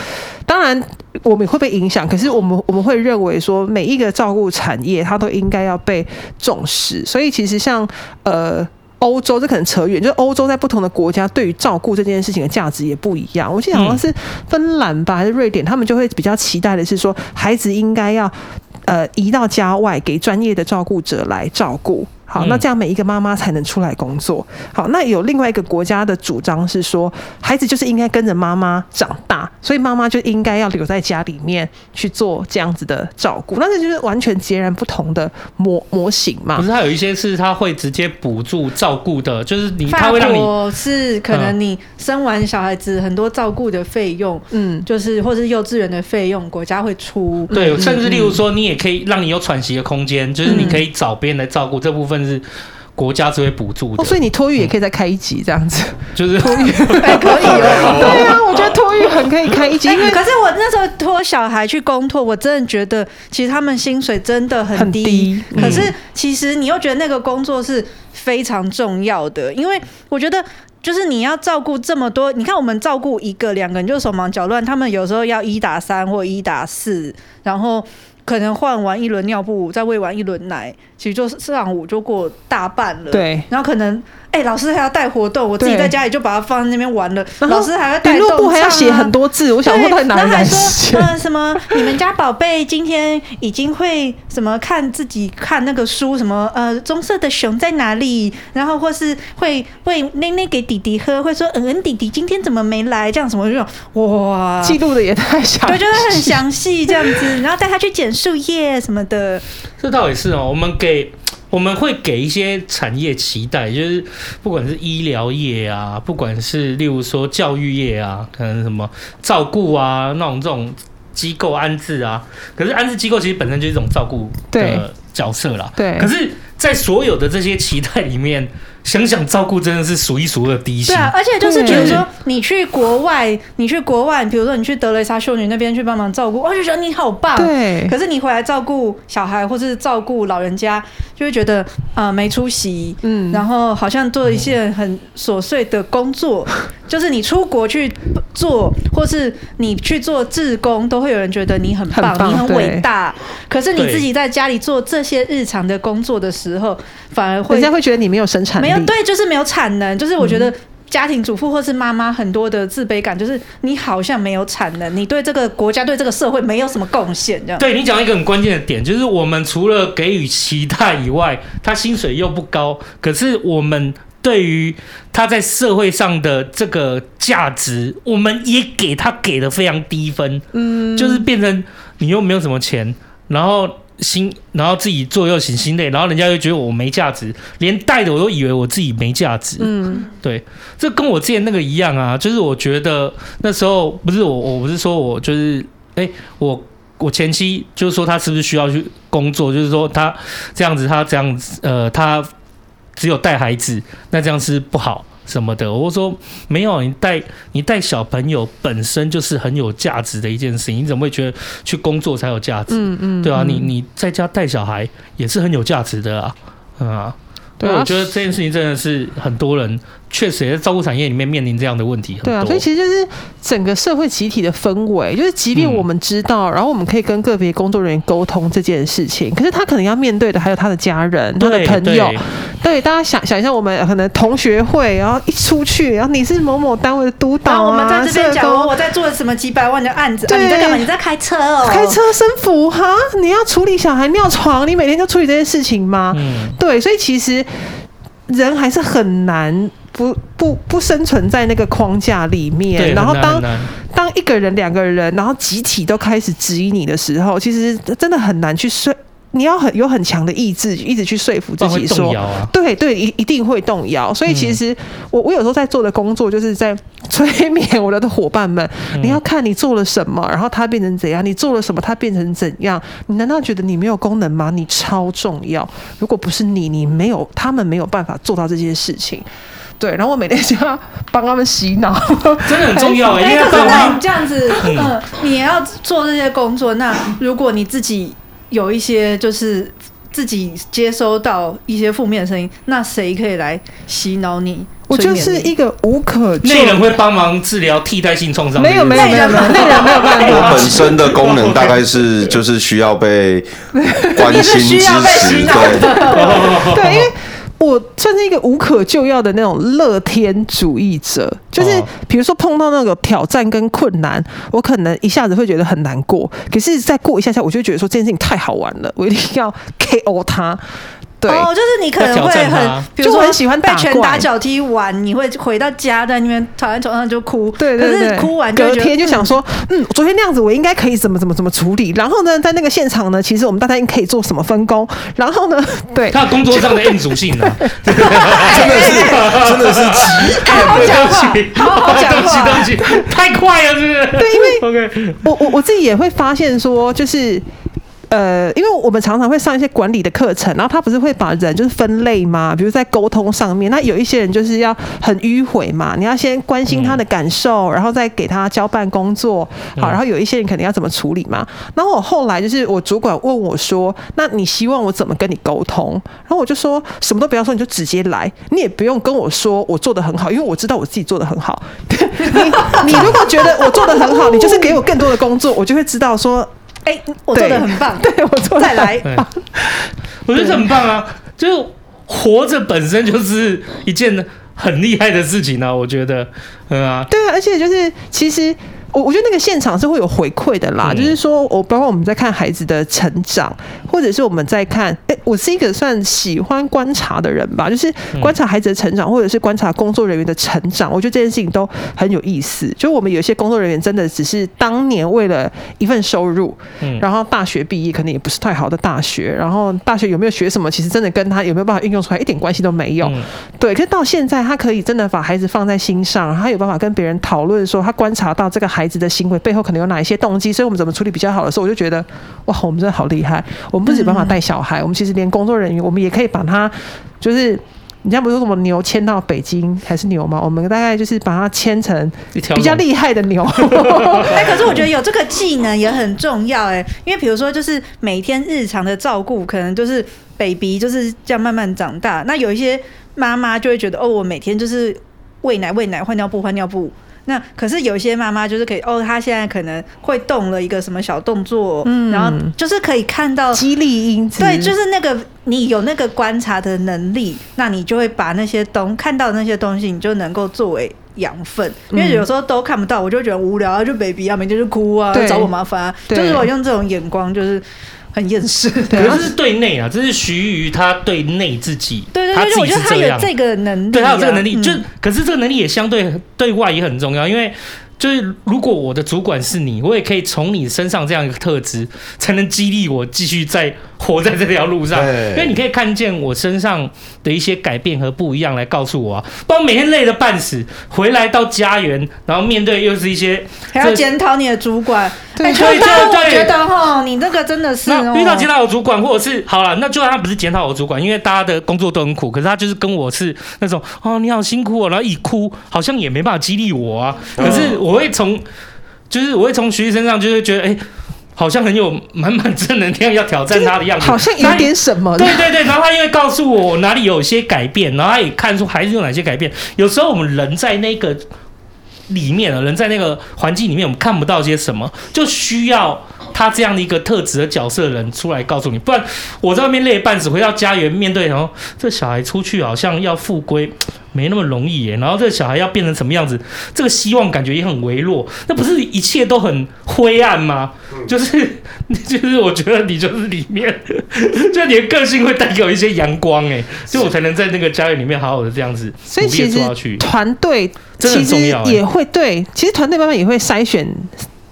[SPEAKER 4] 當然我們也會被影響，可是我們我們會認為說，每一個照顧產業，它都應該要被。重視，所以其實像呃歐洲，這可能扯遠，就是歐洲在不同的國家對於照顧這件事情的價值也不一樣。我記得好像是芬蘭吧，還是瑞典，他們就會比較期待的是說，孩子應該要呃移到家外，給專業的照顧者來照顧。好，那這樣每一個媽媽才能出來工作。好，那有另外一個國家的主張是說，孩子就是應該跟着媽媽長大，所以媽媽就應該要留在家裡面去做這樣子的照顧。那這就是完全截然不同的模模型
[SPEAKER 3] 嘛。不是，他有一些是他會直接補助照顧的，就是你，他會讓你
[SPEAKER 1] 是可能你生完小孩子很多照顧的費用，嗯，嗯，就是或者幼稚園的費用，國家會出。對，甚至例如
[SPEAKER 3] 說，你也可以讓你有喘息的空間，就是你可以找別人來照顧這部分。但是國家只會補助的、哦，所以
[SPEAKER 1] 你托育也可以再開一集這
[SPEAKER 4] 樣子，嗯、
[SPEAKER 3] 就是
[SPEAKER 1] 托育、
[SPEAKER 4] 還、 <laughs> 欸、可以，可以，可以 <laughs> 對啊，我覺得托育很可以開一集，因為 <laughs> 可是我那時
[SPEAKER 1] 候托小孩去公托，我真的覺得其實他們薪水真的很低。很低，可是其實你又覺得那個工作是非常重要的，嗯、因為我覺得就是你要照顧這麼多，你看我們照顧一個兩個人就手忙腳亂，他們有時候要一打三或一打四，然後可能換完一輪尿布再餵完一輪奶。其實就是上午就過大半了，對，然後可能哎、欸、老師還要帶活動，我自己在家裡就把它放在那邊玩了。對老師還要帶動唱啊，還要寫很多字，我想問。他還說，時、嗯、什麼你們家寶貝今天已經會什麼，看自己看那個書什麼，呃，棕色的熊在哪裡？然後或是會餵奶奶給弟弟喝，會說嗯、呃、弟弟今天怎麼沒來？這樣什麼這種哇，記錄的也太詳，對，就是很詳細這樣子，然後帶他去撿樹葉什麼的，
[SPEAKER 3] 這到底是哦，我們給。對，我們會給一些產業期待，就是不管是醫療業啊，不管是例如說教育業啊，可能是什麼照顧啊，那種這種機構安置啊，可是安置機構其實本身就是一種照顧的角色啦。對，
[SPEAKER 1] 對，
[SPEAKER 4] 可
[SPEAKER 3] 是，在所有的這些期待裡面。想想照顧真的是數一數二的第一，對啊，而且就是比如說
[SPEAKER 1] 你去國外，對你去國外，比如說你去德蕾莎修女那邊去幫忙照顧，我、哦、就覺得你好棒，對。可是你回來照顧小孩或是照顧老人家，就會覺得啊、呃、沒出息，嗯，然後好像做一些很瑣碎的工作，嗯、就是你出國去做，或是你去做志工，都會有人覺得你很棒，很棒，你很偉大。對可是你自己在家裡做這些日常的工作的時候，對反而會人家會
[SPEAKER 4] 覺得你沒有生產力。嗯、對，
[SPEAKER 1] 就是沒有產能。就是我覺得家庭主婦或是媽媽很多的自卑感，就是你好像沒有產能，你對這個國家、對這個社會沒有什麼貢獻，這樣。對你講一個
[SPEAKER 3] 很關鍵的點，就是我們除了給予期待以外，他薪水又不高，可是我們對於他在社會上的這個價值，我們也給他給的非常低分。嗯，就是變成你又沒有什麼錢，然後。心，然後自己做又心心累，然後人家又覺得我沒價值，連帶的我都以為我自己沒價值。嗯，對，這跟我之前那個一樣啊，就是我覺得那時候不是我，我不是說我就是，哎、欸，我我前妻就是說他是不是需要去工作，就是說他這樣子，他這樣子，呃，他只有帶孩子，那這樣是不，是不好。什麼的？我說沒有，你帶你帶小朋友本身就是很有價值的一件事情，你怎麼會覺得去工作才有價值？嗯嗯，嗯對啊，你你在家帶小孩也是很有價值的啊啊！對、嗯，嗯、我覺得這件事情真的是很多人。確實也在照顧產業裡面面臨這樣的問題很多。對啊，所以其
[SPEAKER 4] 實就是整個社會集體的氛圍，就是即便我們知道，嗯、然後我們可以跟個別工作人員溝通這件事情，可是他可能要面對的還有他的家人、對他的朋友。對，對，大家想想一下，我們可能同學會，然後一出去，然後你是某某單位的督導、啊、然後我們在這邊講工，講我在
[SPEAKER 1] 做什麼幾百萬的案子，對啊、你在幹嘛？你在
[SPEAKER 4] 開車哦，開車生輔哈？你要處理小孩尿床，你每天就處理這件事情嗎？嗯，對，所以其實人還是很難。不不不生存在那個框架裡面，對然後當很難很難當一個人兩個人，然後集體都開始質疑你的時候，其實真的很難去說，你要很有很強的意志，一直去說服自己說，對、啊、對，一一定會動搖。所以其實、嗯、我我有時候在做的工作，就是在催眠我的夥伴們。你要看你做了什麼，然後他變成怎樣，你做了什麼，他變成怎樣。你難道覺得你沒有功能嗎？你超重要。如果不是你，你沒有，他們沒有辦法做到這些事情。對，然後我每天就要幫他們洗腦，真的很重要哎、欸。對對對，欸、這樣子，嗯，
[SPEAKER 1] 呃、你也要做這些工作，那如果你自己有一些就是自己接收到一些負面的聲音，那誰可以來洗腦你？我就是
[SPEAKER 4] 一個無可。
[SPEAKER 3] 那個人會幫忙治療替代性創傷。沒有沒有沒有，那個人沒
[SPEAKER 4] 有辦法。 <laughs> 我本身的功能大
[SPEAKER 2] 概是就是需要被關心、支持的，對，因為、oh oh oh oh oh.。
[SPEAKER 4] 我算是一個無可救藥的那種樂天主義者，就是比如說碰到那個挑戰跟困難，我可能一下子會覺得很難過，可是再過一下下，我就覺得說這件事情太好玩了，我一定要
[SPEAKER 1] KO 他。對哦，就是你可能會很，就很喜歡被拳打腳踢完，你會回到家在那邊躺在床上就哭。對，可是哭完就隔天就想說，嗯，
[SPEAKER 4] 昨天那樣子我應該可以怎麼怎麼怎麼處理。然後呢，在那個現場呢，其實我們大家應該可以做什麼分工？然後呢，對。對他工作上的 M
[SPEAKER 3] 屬性呢、啊？ <laughs> 真的是真的是急，欸、好好講話、啊，對不起，對不起太快了，是不是？對，因為
[SPEAKER 4] OK，我我我自己也會發現說，就是。呃，因為我們常常會上一些管理的課程，然後他不是會把人就是分類嗎？比如在溝通上面，那有一些人就是要很迂迴嘛，你要先關心他的感受，然後再給他交辦工作。好，然後有一些人肯定要怎麼處理嘛。然後我後來就是我主管問我說：“那你希望我怎麼跟你溝通？”然後我就說什麼都不要說，你就直接來，你也不用跟我說我做得很好，因為我知道我自己做得很好。 <laughs> 你你如果覺得我做得很好，你就是給我更多的工作，我就會知道說。
[SPEAKER 1] 哎、欸，我做的很棒，對，來對我做的再來，
[SPEAKER 3] 我覺得這很棒啊！對就是活着本身就是一件很厲害的事情呢、啊，我覺得，嗯啊，
[SPEAKER 4] 對啊，而且就是其實。我我覺得那個現場是會有回饋的啦，就是說我包括我們在看孩子的成長，或者是我們在看，哎，我是一個算喜歡觀察的人吧，就是觀察孩子的成長，或者是觀察工作人員的成長，我覺得這件事情都很有意思。就我們有些工作人員真的只是當年為了一份收入，然後大學畢業可能也不是太好的大學，然後大學有沒有學什麼，其實真的跟他有沒有辦法運用出來一點關係都沒有。對，可是到現在他可以真的把孩子放在心上，他有辦法跟別人討論說他觀察到這個孩子孩子的行為背後可能有哪一些動機，所以我們怎麼處理比較好的時候，我就覺得哇，我們真的好厲害！我們不只有辦法帶小孩，我們其實連工作人員，我們也可以把它，就是你像比如說什麼牛牽到北京還
[SPEAKER 1] 是牛嗎？我們大概就是把它牽成比較厲害的牛。哎， <laughs> 可是我覺得有這個技能也很重要哎、欸，因為比如說就是每天日常的照顧，可能就是 baby 就是這樣慢慢長大。那有一些媽媽就會覺得哦，我每天就是餵奶餵奶，換尿布換尿布。那可是有些媽媽就是可以哦，她現在可能會動了一個什麼小動作，嗯，然後就是可以看到激勵因子，對，就是那個你有那個觀察的能力，那你就會把那些東看到的那些東西，你就能夠作為養分，嗯，因為有時候都看不到，我就覺得無聊就 baby 啊，每天就哭啊，對找我麻煩啊，對就是我用這種眼光就是。很厭世，是啊、可是
[SPEAKER 3] 是對內啊，這是徐瑜他對內自己，對，對，對，他自己是這樣。他有這
[SPEAKER 1] 個能力、啊，對他有這個能力，嗯、就
[SPEAKER 3] 可是這個能力也相對對外也很重要，因為就是如果我的主管是你，我也可以從你身上這樣一個特質，才能激勵我繼續在。活在這條路上，對對對對，因為你可以看見我身上的一些改變和不一樣，來告訴我、啊。不然每天累得半死，回來到家園，然後面對又是一些還要檢
[SPEAKER 1] 討你的主管。欸、對，所以這樣我覺得哦，你這個真的是、哦、遇到檢
[SPEAKER 3] 討我主管，或者是好了，那就算他不是檢討我主管，因為大家的工作都很苦，可是他就是跟我是那種哦，你好辛苦哦，然後一哭好像也沒辦法激勵我啊。可是我會從、嗯、就是我會從徐瑜身上就是覺得哎。欸好像很有滿滿正能量，要挑戰他的樣子，好像有點什麼，對對對，然後他也會告訴我哪裡有些改變，然後他也看出孩子有哪些改變。有時候我們人在那個裡面啊，人在那個環境裡面，我們看不到些什麼，就需要他這樣的一個特質的角色的人出來告訴你，不然我在外面累半死，回到家園面對，然後這小孩出去好像要復歸。沒那麼容易耶、欸，然後這個小孩要變成什麼樣子？這個希望感覺也很微弱，那不是一切都很灰暗嗎？就是，就是我覺得你就是裡面，就你的個性會帶給我一些陽光哎、欸，所以我才能在那個家園裡面好好的這樣子也抓去，所以其實團
[SPEAKER 4] 隊其實也會對，其實團隊慢慢也會篩選。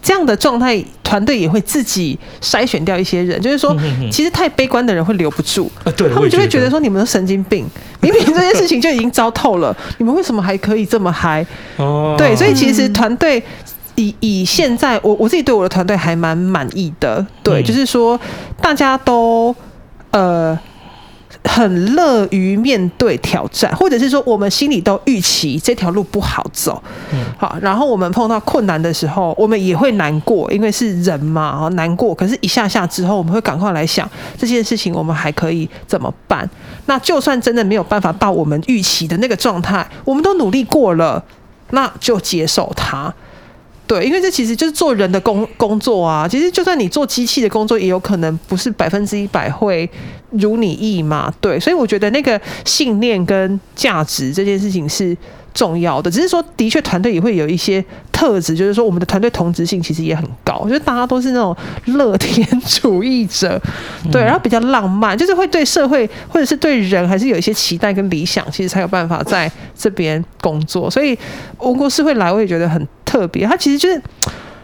[SPEAKER 4] 這樣的狀態，團隊也會自己篩選掉一些人，就是說，其實太悲觀的人會留不住。嗯、哼哼他們就會覺得說，你們都神經病，明明、啊、這件事情就已經糟透了， <laughs> 你們為什麼還可以這麼嗨、哦？對，所以其實團隊以以現在，我我自己對我的團隊還蠻滿意的。對，嗯、就是說，大家都呃。很樂於面對挑戰，或者是說，我們心裡都預期這條路不好走，嗯、好，然後我們碰到困難的時候，我們也會難過，因為是人嘛，難過。可是，一下下之後，我們會趕快來想這件事情，我們還可以怎麼辦？那就算真的沒有辦法到我們預期的那個狀態，我們都努力過了，那就接受它。對，因為這其實就是做人的工工作啊。其實就算你做機器的工作，也有可能不是百分之一百會如你意嘛。對，所以我覺得那個信念跟價值這件事情是重要的。只是說，的確團隊也會有一些特質，就是說我們的團隊同質性其實也很高。我覺得大家都是那種樂天主義者，對，然後比較浪漫，就是會對社會或者是對人還是有一些期待跟理想，其實才有辦法在這邊工作。所以吳國斯會來，我也覺得很。特別，他其實就是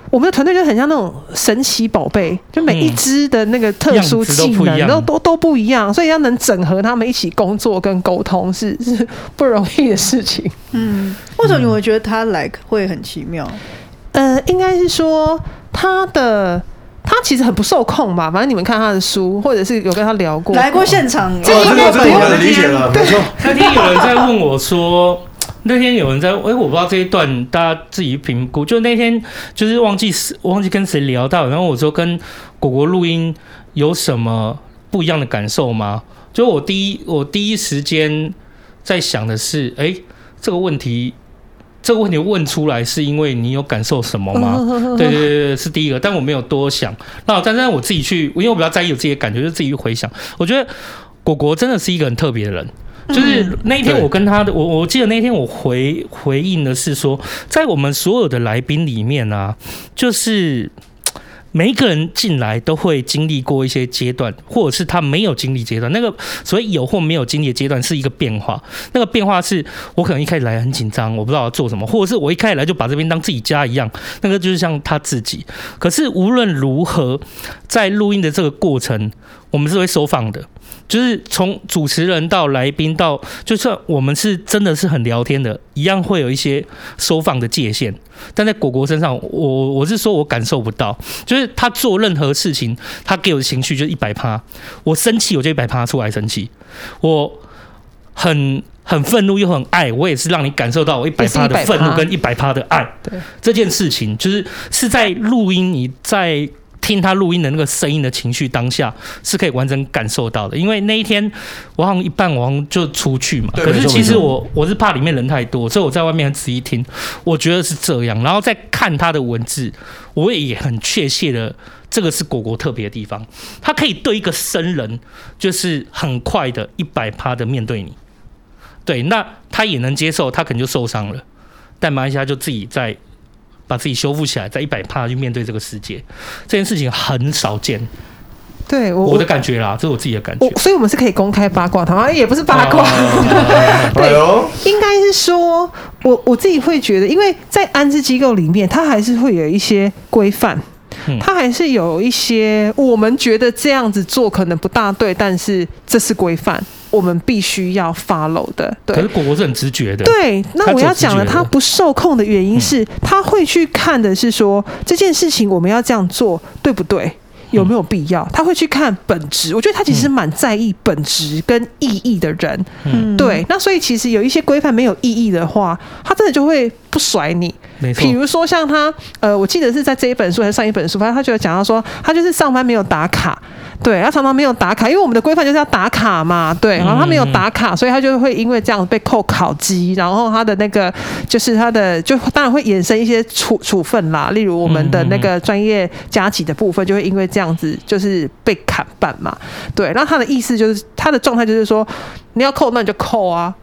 [SPEAKER 4] 我們的團隊，就很像那種神奇寶貝，就每一只的那個特殊技能、嗯、都都都不一樣，所以要能整合他們一起工作跟溝通是，是是不容易的事情。
[SPEAKER 1] 嗯，為什麼你會覺得他來會很奇妙？嗯、
[SPEAKER 4] 呃，應該是說他的他其實很不受控吧。反正你們看他的書，或者是有跟他聊過、來過現
[SPEAKER 1] 場，哦、這應該能理解了。沒錯，那天有人在問
[SPEAKER 3] 我說。 <laughs> 那天有人在，誒、欸，我不知道這一段大家自己評估。就那天就是忘記忘記跟誰聊到，然後我說，跟國國錄音有什麼不一樣的感受嗎？就我第一我第一時間在想的是，哎、欸，這個問題這個問題問出來是因為你有感受什麼嗎？呵呵呵，對對對，是第一個，但我沒有多想。那丹丹我自己去，因為我比較在意我自己的感覺，就自己去回想。我覺得國國真的是一個很特別的人。就是那一天，我跟他的我，我記得那天我回回應的是說，在我們所有的來賓裡面啊，就是每一個人進來都會經歷過一些階段，或者是他沒有經歷階段。那個所謂有或沒有經歷的階段是一個變化。那個變化是我可能一開始來很緊張，我不知道要做什麼，或者是我一開始來就把這邊當自己家一樣。那個就是像他自己。可是無論如何，在錄音的這個過程，我們是會收放的。就是從主持人到來賓到，就算我們是真的是很聊天的，一樣會有一些收放的界限。但在國國身上，我我是說我感受不到，就是他做任何事情，他給我的情緒就一百趴。我生氣我就一百趴出來生氣，我很很憤怒又很愛，我也是讓你感受到我一百趴的憤怒跟一百趴的愛。這件事情，就是是在錄音，你在。聽他錄音的那個聲音的情緒，當下是可以完整感受到的。因為那一天我好像一半我好像就出去嘛，可是其實我我是怕裡面人太多，所以我在外面仔細聽，我覺得是這樣。然後再看他的文字，我也很確切的，這個是國國特別的地方。他可以對一個生人，就是很快的、一百趴的面對你。對，那他也能接受，他可能就受傷了，但馬來西亞就自己在把自己修復起來，在一百趴去面對這個世界，這件事情很少見。
[SPEAKER 4] 對我,我的感覺
[SPEAKER 3] 啦，這是我自己的感覺。
[SPEAKER 4] 所以，我們是可以公開八卦、啊，他好像也不是八卦。
[SPEAKER 2] 對，對
[SPEAKER 4] 哦、應該是說，我我自己會覺得，因為在安置機構裡面，它還是會有一些規範。他還是有一些，我們覺得這樣子做可能不大對，但是這是規範，我們必須要 follow 的。對，可是
[SPEAKER 3] 國國是很直覺的。對，那我要講了，他
[SPEAKER 4] 不受控的原因是他，他會去看的是說，這件事情我們要這樣做對不對，嗯、有沒有必要？他會去看本質。我覺得他其實蠻在意本質跟意義的人。嗯、對，那所以其實有一些規範沒有意義的話，他真的就會。不甩你，比如說像他，呃，我記得是在這一本書還是上一本書，反正他就講到說，他就是上班沒有打卡，對，他常常沒有打卡，因為我們的規範就是要打卡嘛，對，然後他沒有打卡，所以他就會因為這樣被扣考績，然後他的那個就是他的就當然會衍生一些處處分啦，例如我們的那個專業加給的部分就會因為這樣子就是被砍半嘛，對，那他的意思就是他的狀態就是說，你要扣那你就扣啊，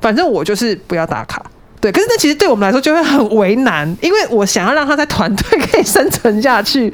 [SPEAKER 4] 反正我就是不要打卡。對，可是那其實對我們來說就會很為難，因為我想要讓他在團隊可以生存下去。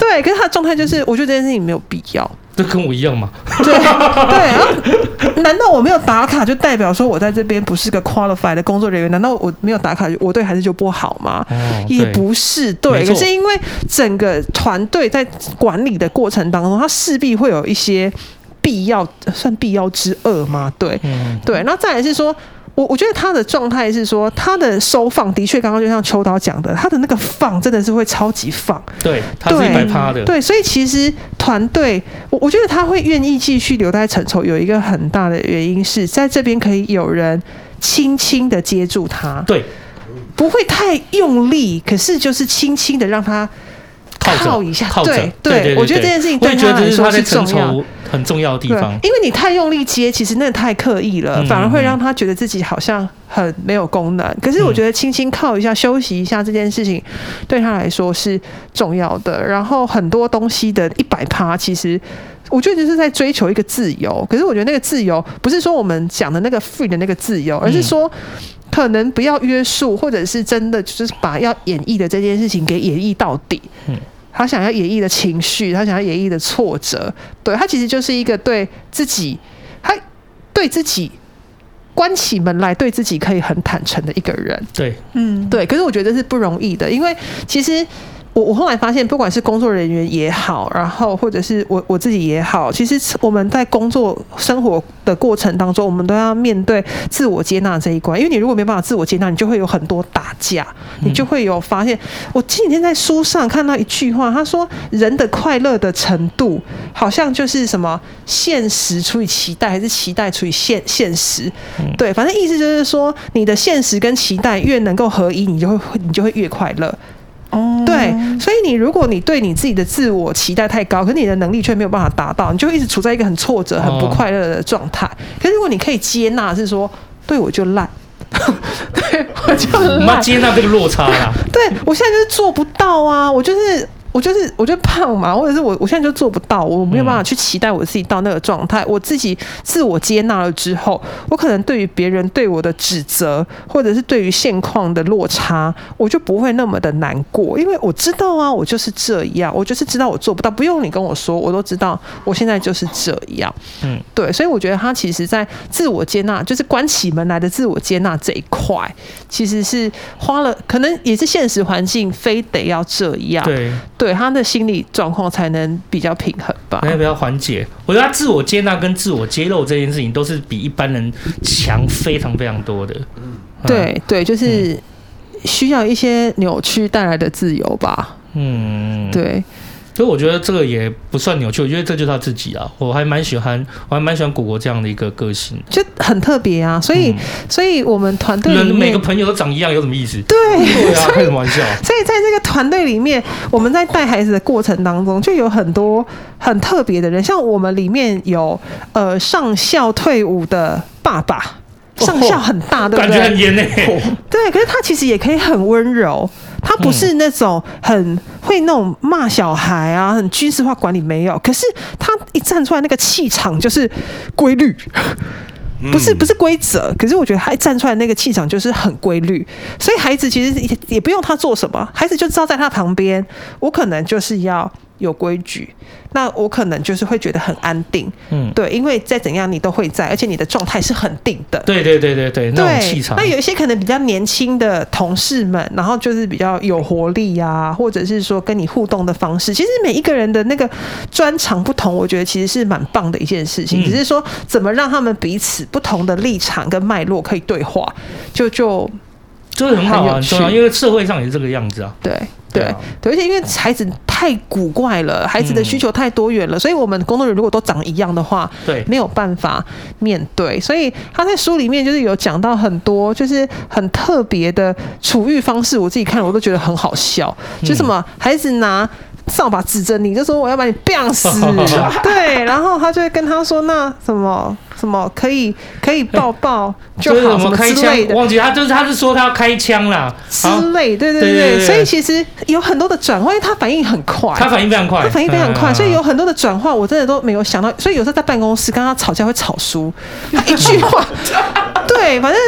[SPEAKER 4] 對，可是他的狀態就是，我覺得這件事情沒有必要。
[SPEAKER 3] 這跟我一樣嗎？
[SPEAKER 4] 對對。難道我沒有打卡就代表說我在這邊不是個 qualified 的工作人員？難道我沒有打卡，我對孩子就不好嗎？哦、也不是對，沒錯。可是因為整個團隊在管理的過程當中，他勢必會有一些必要，算必要之惡嗎？對、嗯、對，那再來是說。我我覺得他的狀態是說，他的收放的確剛剛就像秋刀講的，他的那個放真的是會超級放。
[SPEAKER 3] 對，對他自己擺趴的。對，
[SPEAKER 4] 所以其實團隊，我我覺得他會願意繼續留在陳綢，有一個很大的原因是在這邊可以有人輕輕的接住他。對，不會太用力，可是就是輕輕的讓他。
[SPEAKER 3] 靠一下，對對，對，對，我覺得這件事情對他來說是重要很重要的地方。對，
[SPEAKER 4] 因為你太用力接，其實那太刻意了，反而會讓他覺得自己好像很沒有功能。嗯、可是我覺得輕輕靠一下、嗯、休息一下這件事情，對他來說是重要的。然後很多東西的一百趴，其實我覺得就是在追求一個自由。可是我覺得那個自由不是說我們講的那個 free 的那個自由，嗯、而是說可能不要約束，或者是真的就是把要演繹的這件事情給演繹到底。嗯。他想要演繹的情緒，他想要演繹的挫折，對，他其實就是一個對自己，他對自己關起門來，對自己可以很坦誠的一個人。對，嗯，對。可是我覺得是不容易的，因為其實。我我後來發現，不管是工作人員也好，然後或者是我我自己也好，其實我們在工作生活的過程當中，我們都要面對自我接納這一關。因為你如果沒辦法自我接納，你就會有很多打架，你就會有發現。我今天在書上看到一句話，他說：“人的快樂的程度，好像就是什麼現實除以期待，還是期待除以現現實？對，反正意思就是說，你的現實跟期待越能夠合一，你就會你就會越快樂。”嗯、對，所以你如果你對你自己的自我期待太高，可是你的能力卻沒有辦法達到，你就一直處在一個很挫折、很不快樂的狀態。哦、可是如果你可以接納，是說對我就爛，
[SPEAKER 3] 對我就爛， <laughs> 我就是爛，我媽接納這個落差啦。
[SPEAKER 4] 對，我現在就是做不到啊，我就是。我就是，我就胖嘛，或者是我，我現在就做不到，我沒有辦法去期待我自己到那個狀態。嗯，我自己自我接納了之後，我可能對於別人對我的指責，或者是對於現況的落差，我就不會那麼的難過，因為我知道啊，我就是這樣，我就是知道我做不到，不用你跟我說，我都知道，我現在就是這樣。嗯，對，所以我覺得他其實在自我接納，就是關起門來的自我接納這一塊，其實是花了，可能也是現實環境非得要這樣。對。對他的心理狀況才能比較平衡
[SPEAKER 3] 吧，要不要緩解。我覺得他自我接納跟自我揭露這件事情，都是比一般人強非常非常多的。啊、對
[SPEAKER 4] 對，就是需要一些扭曲帶來的自由吧。
[SPEAKER 3] 嗯，對。所以我覺得這個也不算扭曲，我覺得這就是他自己啊。我還蠻喜歡，我還蠻喜歡國國這樣的一個個性，
[SPEAKER 4] 就很特別啊。所以，嗯、所以我們團隊裡面人每個
[SPEAKER 3] 朋友都長一樣有什麼意思？對，開什麼玩笑？
[SPEAKER 4] 所以在這個團隊裡面，我們在帶孩子的過程當中，就有很多很特別的人。像我們裡面有呃上校退伍的爸爸，
[SPEAKER 3] 上校很大，的、哦、吼對不對？感覺很嚴厲 <laughs>
[SPEAKER 4] 對，可是他其實也可以很溫柔。他不是那種很會那種罵小孩啊，很軍事化管理沒有。可是他一站出來，那個氣場就是規律，不是不是規則。可是我覺得他一站出來，那個氣場就是很規律。所以孩子其實也也不用他做什麼，孩子就知道在他旁邊，我可能就是要。有規矩，那我可能就是會覺得很安定，嗯，對，因為再怎樣你都會在，而且你的狀態是很定
[SPEAKER 3] 的，對對對對對，對那種氣場。那有一
[SPEAKER 4] 些可能比較年輕的同事們，然後就是比較有活力呀、啊，或者是說跟你互動的方式，其實每一個人的那個專長不同，我覺得其實是蠻棒的一件事情，嗯、只是說怎麼讓他們彼此不同的立場跟脈絡可以對話，就就。就是很好玩，啊，對啊，因
[SPEAKER 3] 為社會上也是這個樣子啊。
[SPEAKER 4] 對對、啊、對，而且因為孩子太古怪了，孩子的需求太多元了，嗯、所以我們工作人員如果都長一樣的話，對，沒有辦法面對。所以他在書裡面就是有講到很多，就是很特別的處遇方式。我自己看我都覺得很好笑，就什麼孩子拿。掃把指着你，就說我要把你砰死。對，然後他就會跟他說：“那什麼什麼可以可以抱抱就好，就什麼開槍，之類的，忘記，他就是，他是
[SPEAKER 3] 說他要開槍啦、啊、之類，對對對，對，所以其
[SPEAKER 4] 實有很多的轉換，因為他反應很快，他反應非常快，他反應非常快，所以有很多的轉換，我真的都沒有想到。所以有時候在辦公室跟他吵架會吵輸，他一句話， <laughs> 對，反正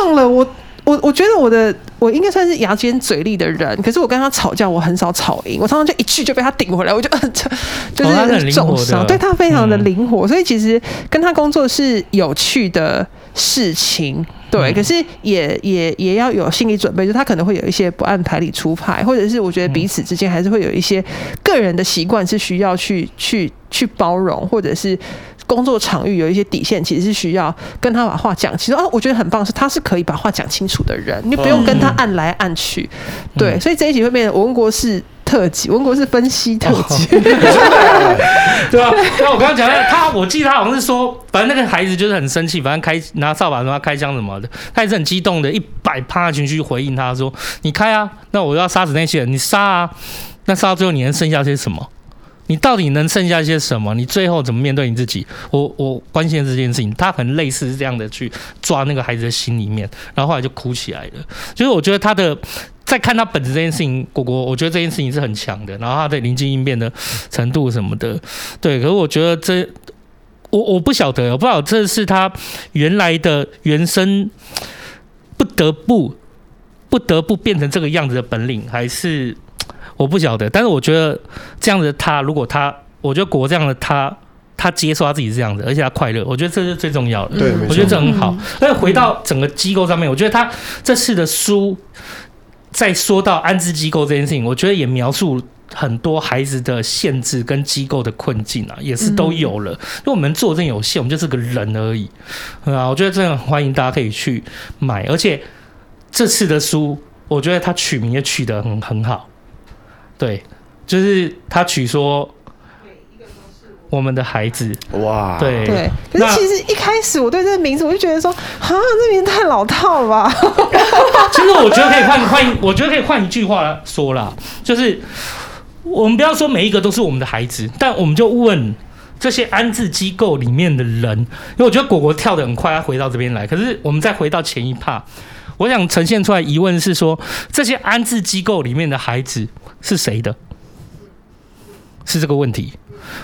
[SPEAKER 4] 忘了，我我我覺得我的。我應該算是牙尖嘴利的人，可是我跟他吵架，我很少吵贏，我常常就一句就被他頂回來，我就很就是重、哦、很重傷，對，他非常的靈活，嗯、所以其實跟他工作是有趣的事情，對，嗯、可是也也也要有心理準備，就他可能會有一些不按牌理出牌，或者是我覺得彼此之間還是會有一些個人的習慣是需要去去去包容，或者是。工作場域有一些底線，其實是需要跟他把話講清楚啊。我覺得很棒，是他是可以把話講清楚的人，你不用跟他按來按去，嗯、對。所以這一集會變成文國士特輯，文國士分析特輯，哦、 <laughs> 對吧對、啊？那我剛剛講了他，
[SPEAKER 3] 我記得他好像是說，反正那個孩子就是很生氣，反正開拿掃把什麼開槍什麼的，他也是很激動的，一百趴的情緒去回應他說：“你開啊，那我要殺死那些人，你殺啊，那殺到最後你能剩下些什麼？”你到底能剩下些什麼？你最後怎麼面對你自己？我我關心的這件事情，他很類似是這樣的去抓那個孩子的心裡面，然後後來就哭起來了。就是我覺得他的在看他本質這件事情，國國，我覺得這件事情是很強的。然後他的臨機應變的程度什麼的，對。可是我覺得這，我我不曉得，我不知道這是他原來的原生不得不不得不變成這個樣子的本領，還是？我不曉得，但是我覺得這樣子的他，如果他，我覺得國這樣的他，他接受他自己是這樣子，而且他快樂，我覺得這是最重要的。對、嗯，我覺得這很好。那、嗯、回到整個機構上面，我覺得他這次的書，再、嗯、說到安置機構這件事情，我覺得也描述很多孩子的限制跟機構的困境啊，也是都有了。因為、嗯、我們作證有限，我們就是個人而已啊。我覺得這樣歡迎大家可以去買，而且這次的書，我覺得他取名也取得很很好。對，就是他取說，我們的孩子
[SPEAKER 2] 哇！對
[SPEAKER 4] 對，那可是其實一開始我對這個名字我就覺得說，啊，這名字太老套了吧。其
[SPEAKER 3] 實我覺得可以換換， <laughs> 我覺得可以換一句話說啦，就是我們不要說每一個都是我們的孩子，但我們就問這些安置機構裡面的人，因為我覺得果果跳得很快，他回到這邊來，可是我們再回到前一趴。我想呈現出來疑問是說，這些安置機構裡面的孩子是誰的？是這個問題。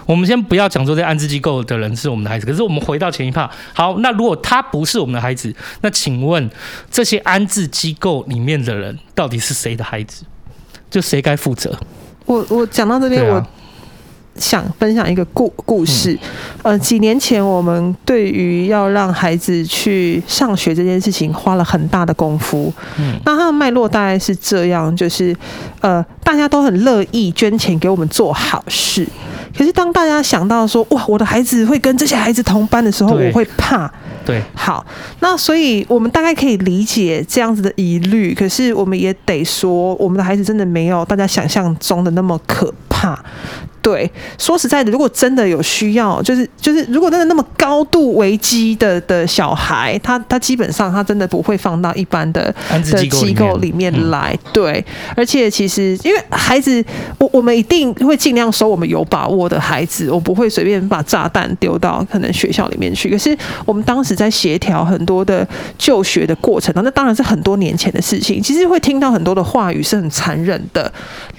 [SPEAKER 3] 我們先不要講說這安置機構的人是我們的孩子，可是我們回到前一趴，好，那如果他不是我們的孩子，那請問這些安置機構裡面的人到底是誰的孩子？就誰該負責？我
[SPEAKER 4] 我講到這邊我。想分享一個故故事。嗯、呃，幾年前我們對於要讓孩子去上學這件事情花了很大的功夫，嗯、那它的脈絡大概是這樣，就是呃，大家都很樂意捐錢給我們做好事，可是當大家想到說，哇，我的孩子會跟這些孩子同班的時候，對我會怕。對，好，那所以我們大概可以理解這樣子的疑慮，可是我們也得說，我們的孩子真的沒有大家想象中的那麼可怕，對，說實在的，如果真的有需要，就是就是，如果真的那麼高度危機的的小孩，他他基本上他真的不會放到一般的的機構裡面來。面嗯、對，而且其實因為孩子，我我們一定會盡量收我們有把握的孩子，我不會隨便把炸彈丟到可能學校裡面去。可是我們當時在協調很多的就學的過程當中，那當然是很多年前的事情。其實會聽到很多的話語是很殘忍的，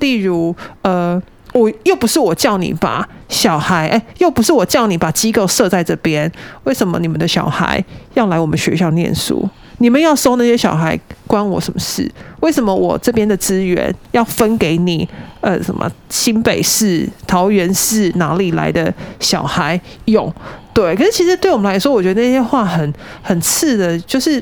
[SPEAKER 4] 例如呃。我又不是我叫你把小孩，哎，又不是我叫你把機構設在這邊，為什麼你們的小孩要來我們學校念書？你們要收那些小孩，關我什麼事？為什麼我這邊的資源要分給你？呃，什麼新北市、桃園市哪裡來的小孩用？對，可是其實對我們來說，我覺得那些話很很刺的，就是。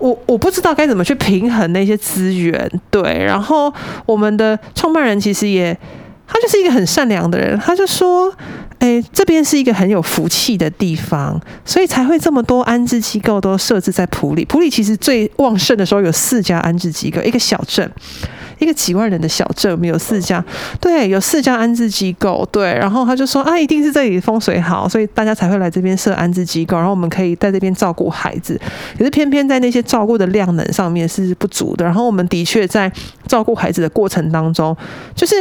[SPEAKER 4] 我我不知道該怎麼去平衡那些資源，對，然後我們的創辦人其實也，他就是一個很善良的人，他就說。哎、欸，這邊是一個很有福氣的地方，所以才會這麼多安置機構都設置在埔裏。埔裏其實最旺盛的時候有四家安置機構，一個小鎮，一個幾萬人的小鎮，我們有四家，對，有四家安置機構，對。然後他就說，啊，一定是這裡風水好，所以大家才會來這邊設安置機構，然後我們可以在這邊照顧孩子。可是偏偏在那些照顧的量能上面是不足的。然後我們的確在照顧孩子的過程當中，就是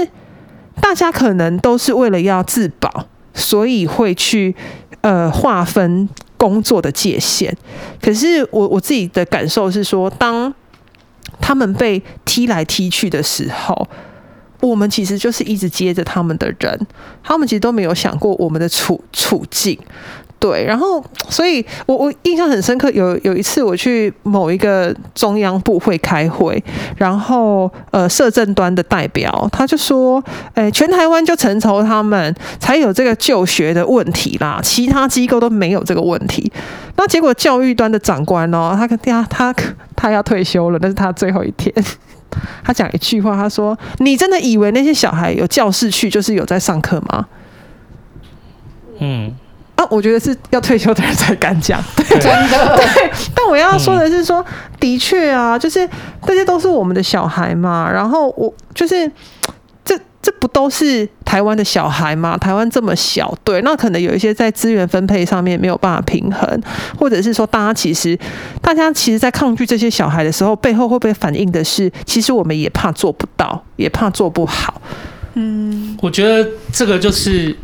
[SPEAKER 4] 大家可能都是為了要自保。所以會去，呃，劃分工作的界限。可是我我自己的感受是說，當他們被踢來踢去的時候，我們其實就是一直接着他們的人，他們其實都沒有想過我們的處處境。對，然後所以，我我印象很深刻，有有一次我去某一個中央部會開會，然後呃，社政端的代表他就說，哎，全台灣就陳綢他們才有這個就學的問題啦，其他機構都沒有這個問題。那結果教育端的長官哦，他跟他他他要退休了，那是他最後一天，他講一句話，他說：“你真的以為那些小孩有教室去就是有在上課嗎？”嗯。啊，我覺得是要退休的人才敢講，對，
[SPEAKER 3] 真的。
[SPEAKER 4] 對，但我要說的是說，說的確啊，就是這些都是我們的小孩嘛。然後我就是，這這不都是台灣的小孩嗎？台灣這麼小，對，那可能有一些在資源分配上面沒有辦法平衡，或者是說，大家其實，大家其實在抗拒這些小孩的時候，背後會被反映的是，其實我們也怕做不到，也怕做不好。
[SPEAKER 3] 嗯，我覺得這個就是。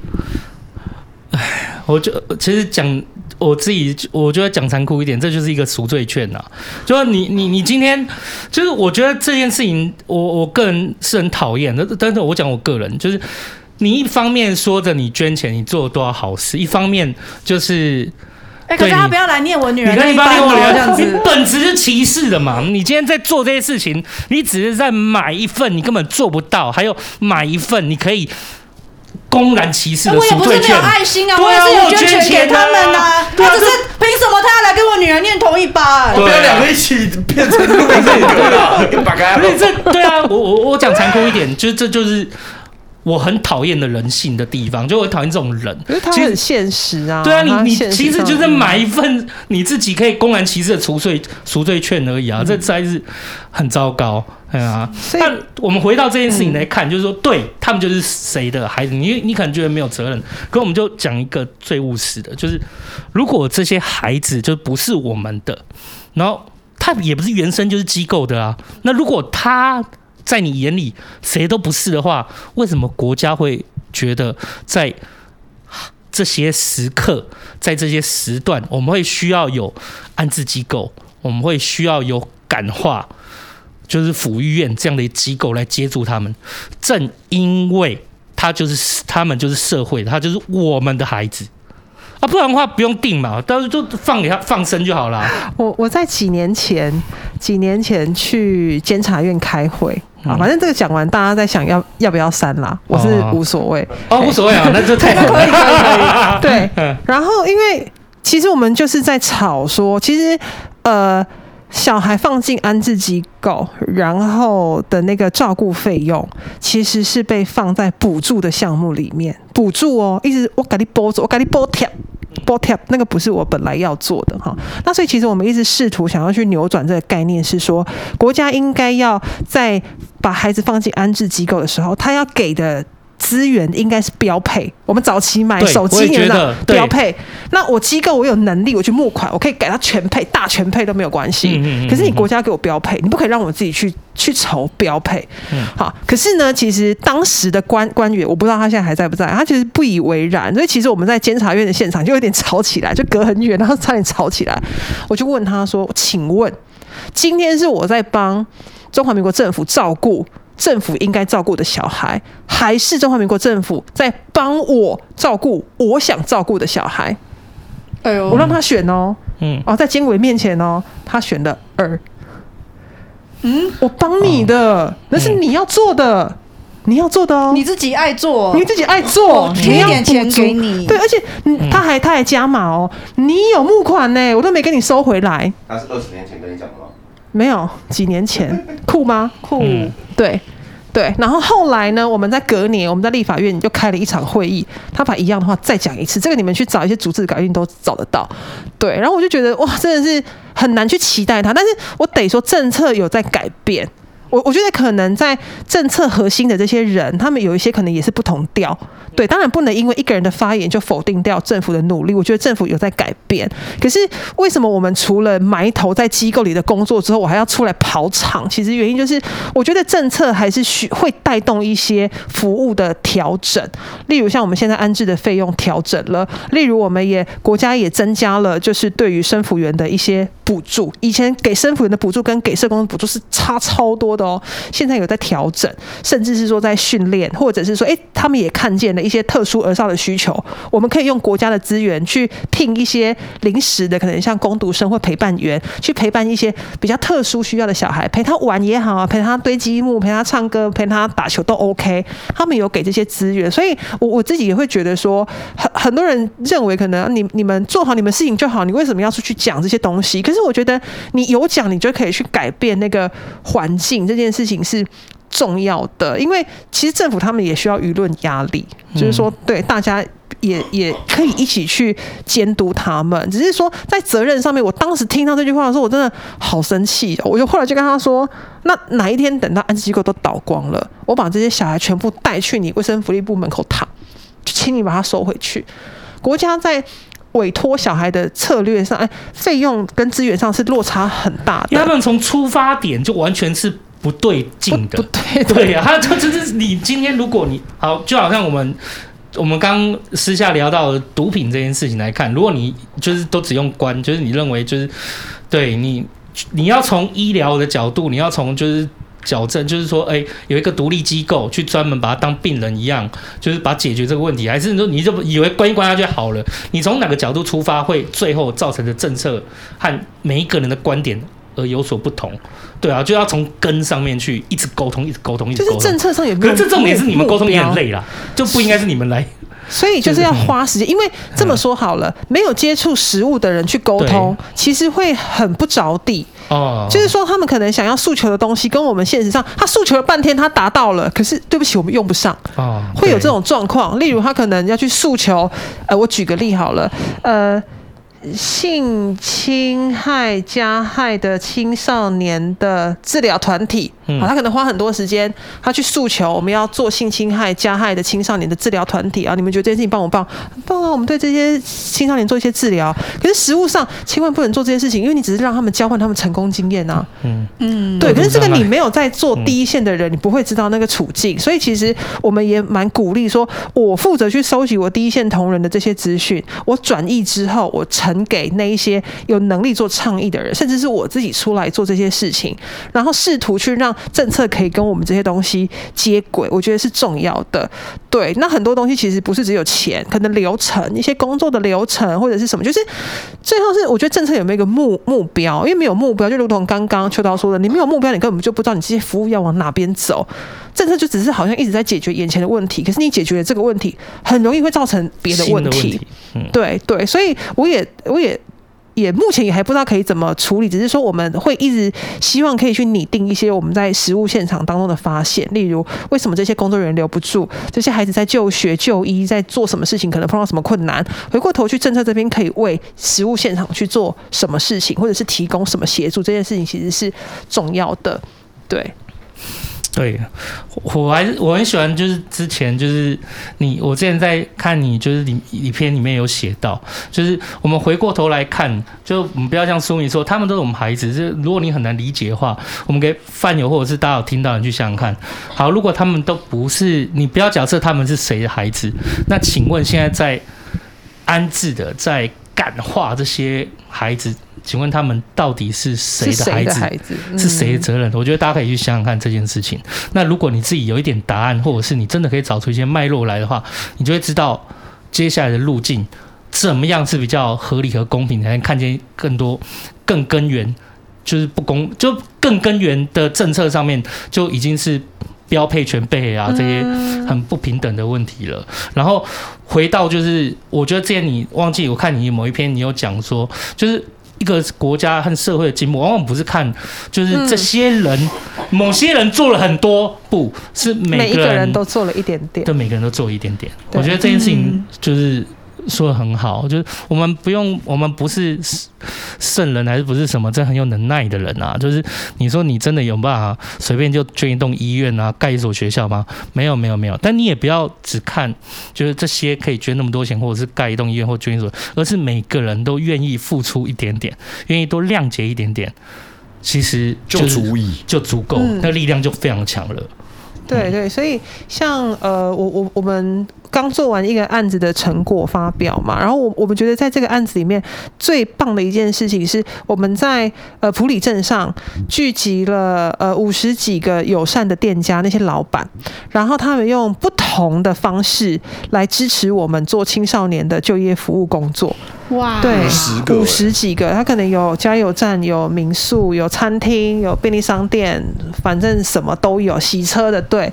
[SPEAKER 3] 唉，我就其實講我自己，我覺得講殘酷一點，這就是一個贖罪券吶、啊。就你你你今天，就是我覺得這件事情，我我個人是很討厭。但但是，我講我個人，就是你一方面說着你捐錢，你做了多少好事，一方面就是，哎、欸，可大家不
[SPEAKER 1] 要來念我女人，你可以幫我這樣子。你本質是
[SPEAKER 3] 歧視的嘛？你今天在做這些事情，你只是在買一份，你根本做不到，還有買一份你可以。公然歧視的贖罪券。我也不是
[SPEAKER 1] 沒有愛心
[SPEAKER 4] 啊，啊我
[SPEAKER 2] 也是有捐
[SPEAKER 1] 錢給他們啊。我只是，憑什麼他要來跟我女兒念同一班，欸？不要兩個一
[SPEAKER 3] 起
[SPEAKER 2] 變成對啊，把開
[SPEAKER 3] 對。所以起 <laughs> 這對啊，我我我講殘酷一點，就這就是我很討厭的人性的地方，就我討厭這種人。其實很現實啊。實對啊，你你其實就是買一份你自己可以公然歧視的贖罪贖罪券而已啊，這才是很糟糕。對啊！但我們回到這件事情來看，就是說對，對他們就是誰的孩子？你你可能覺得沒有責任，可我們就講一個最務實的，就是如果這些孩子就不是我們的，然後他也不是原生，就是機構的啊。那如果他在你眼裡誰都不是的話，為什麼國家會覺得在這些時刻，在這些時段，我們會需要有安置機構，我們會需要有感化？就是輔育院這樣的機構來接觸他們，正因為他就是他們就是社會，他就是我們的孩子啊，不然的話不用定嘛，到時候就放給他放生就好了。
[SPEAKER 4] 我我在幾年前幾年前去監察院開會啊、嗯，反正這個講完，大家在想要要不要刪啦，我是無所謂哦、
[SPEAKER 3] 欸、哦，無所謂啊， <laughs> 那就太 <laughs> 可以可以、啊、 <laughs> 對。
[SPEAKER 4] <laughs> 然後因為其實我們就是在吵說，其實呃。小孩放進安置機構，然後的那個照顧費用，其實是被放在補助的項目裡面補助哦，一直我給你補助，我給你補貼補貼，那個不是我本來要做的哈。那所以其實我們一直試圖想要去扭轉這個概念，是說國家應該要在把孩子放進安置機構的時候，他要給的。資源應該是標配，我們早期買手機也是標配。那我機構我有能力，我去募款，我可以改它全配、大全配都沒有關係。嗯哼嗯哼，可是你國家給我標配，你不可以讓我自己去去籌標配。嗯、好，可是呢，其實當時的官官員，我不知道他現在還在不在，他其實不以為然。所以其實我們在監察院的現場就有點吵起來，就隔很遠，然後差點吵起來。我就問他說：“請問，今天是我在幫中華民國政府照顧？”政府應該照顧的小孩，還是中華民國政府在幫我照顧我想照顧的小孩？哎呦，我讓他選哦，嗯，哦、在監委面前哦，他選的二，嗯，我幫你的，哦、那是你要做的，嗯、你要做的哦，你自己愛做，你自己愛做，我貼點錢給你，你，對，而且他還他還加碼哦，你有募款呢，我都沒給你收回來，
[SPEAKER 1] 他是二十年前跟你講的嗎？
[SPEAKER 4] 沒有，幾年前酷嗎？酷，嗯、對，對。然後後來呢？我們在隔年，我們在立法院就開了一場會議，他把一樣的話再講一次。這個你們去找一些組織的稿件都找得到。對，然後我就覺得哇，真的是很難去期待他，但是我得說政策有在改變。我我覺得可能在政策核心的這些人，他們有一些可能也是不同調。對，當然不能因為一個人的發言就否定掉政府的努力。我覺得政府有在改變。可是為什麼我們除了埋頭在機構裡的工作之後，我還要出來跑場？其實原因就是，我覺得政策還是需會帶動一些服務的調整。例如像我們現在安置的費用調整了，例如我們也國家也增加了就是對於生輔員的一些補助。以前給生輔員的補助跟給社工的補助是差超多的。哦，現在有在調整，甚至是說在訓練，或者是說，哎、欸，他們也看見了一些特殊兒少的需求。我們可以用國家的資源去聘一些臨時的，可能像工讀生或陪伴員，去陪伴一些比較特殊需要的小孩，陪他玩也好，陪他堆積木，陪他唱歌，陪他打球都 OK。他們有給這些資源，所以我我自己也會覺得說，很很多人認為可能你你們做好你們事情就好，你為什麼要出去講這些東西？可是我覺得你有講，你就可以去改變那個環境。這件事情是重要的，因為其實政府他們也需要輿論壓力，就是說對大家也也可以一起去監督他們。只是說在責任上面，我當時聽到這句話的時候，我真的好生氣。我就後來就跟他說：“那哪一天等到安置機構都倒光了，我把這些小孩全部帶去你衛生福利部門口躺，就請你把它收回去。國家在委託小孩的策略上，哎，費用跟資源上是落差很大
[SPEAKER 3] 的，他們從出發點就完全是。”不對勁的，對呀，對對，啊，他就是你今天如果你好，就好像我們我們剛私下聊到毒品這件事情來看，如果你就是都只用關，就是你認為就是對你，你要從醫療的角度，你要從就是矯正，就是說，哎，有一個獨立機構去專門把它當病人一樣，就是把解決這個問題，還是說你就以為關一關它就好了？你從哪個角度出發，會最後造成的政策和每一個人的觀點？而有所不同，對啊，就要從根上面去一直溝通，一直溝通，一直溝通。就是政策上有，有可，這重點是你們溝通也很累了，標就不應該是你們來。
[SPEAKER 4] 所以就是要花時間，因為這麼說好了，嗯、沒有接觸實務的人去溝通，對其實會很不着地。哦，就是說他們可能想要訴求的東西，跟我們現實上，他訴求了半天，他達到了，可是對不起，我們用不上、哦、會有這種狀況。例如他可能要去訴求，呃，我舉個例好了，呃。性侵害加害的青少年的治療團體。啊，嗯、他可能花很多時間，他去訴求我們要做性侵害加害的青少年的治療團體啊！你們覺得這件事情棒不棒？幫棒啊！我們對這些青少年做一些治療，可是實務上千萬不能做這件事情，因為你只是讓他們交換他們成功經驗啊。嗯嗯，嗯對。可是這個你沒有在做第一線的人，你不會知道那個處境，所以其實我們也蠻鼓勵說，我負責去收集我第一線同仁的這些資訊，我轉譯之後，我呈給那一些有能力做倡議的人，甚至是我自己出來做這些事情，然後試圖去讓。政策可以跟我們這些東西接軌，我覺得是重要的。對，那很多東西其實不是只有錢，可能流程、一些工作的流程或者是什麼，就是最後是我覺得政策有沒有一個目目標？因為沒有目標，就如同剛剛秋刀說的，你沒有目標，你根本就不知道你這些服務要往哪邊走。政策就只是好像一直在解決眼前的問題，可是你解決了這個問題，很容易會造成別的問題。新的問題嗯。對對，所以我也我也。也目前也還不知道可以怎麼處理，只是說我們會一直希望可以去擬定一些我們在實務現場當中的發現，例如為什麼這些工作人員留不住，這些孩子在就學、就醫在做什麼事情，可能碰到什麼困難，回過頭去政策這邊可以為實務現場去做什麼事情，或者是提供什麼協助，這件事情其實是重要的，
[SPEAKER 3] 對。對，我還是我很喜歡，就是之前就是你，我之前在看你，就是你影片裡面有寫到，就是我們回過頭來看，就我們不要像蘇明說，他們都是我們孩子。就如果你很難理解的話，我們給飯友或者是大家有聽到，你去想想看。好，如果他們都不是，你不要假設他們是誰的孩子，那請問現在在安置的，在感化這些孩子？請問他們到底是誰的孩子？是誰的、嗯、的責任？我覺得大家可以去想想看這件事情。那如果你自己有一點答案，或者是你真的可以找出一些脈絡來的話，你就會知道接下來的路徑怎麼樣是比較合理和公平，才能看見更多更根源，就是不公，就更根源的政策上面就已經是標配全備啊，這些很不平等的問題了。嗯、然後回到就是，我覺得之前你忘記，我看你某一篇你有講說，就是。一個國家和社會的進步，往往不是看就是這些人，嗯、某些人做了很多，不是每、每一個人都做了一點點，對，每個人都做一點點。對我覺得這件事情就是。說得很好，就是我們不用，我們不是聖人，還是不是什麼這很有能耐的人啊？就是你說你真的有辦法隨便就捐一棟醫院啊，蓋一所學校嗎？沒有，沒有，沒有。但你也不要只看，就是這些可以捐那麼多錢，或者是蓋一棟醫院或捐一所，而是每個人都願意付出一點點，願意多諒解一點點，其實就足以，就足夠，那力量就非常強了。
[SPEAKER 4] 嗯、對對，所以像呃，我我我們。剛做完一個案子的成果發表嘛，然後我我們覺得在這個案子裡面最棒的一件事情是，我們在呃埔里鎮上聚集了呃五十幾個友善的店家，那些老闆，然後他們用不同的方式來支持我們做青少年的就業服務工作。
[SPEAKER 1] 哇，對，五
[SPEAKER 4] 十幾個，他可能有加油站、有民宿、有餐廳、有便利商店，反正什麼都有，洗車的對。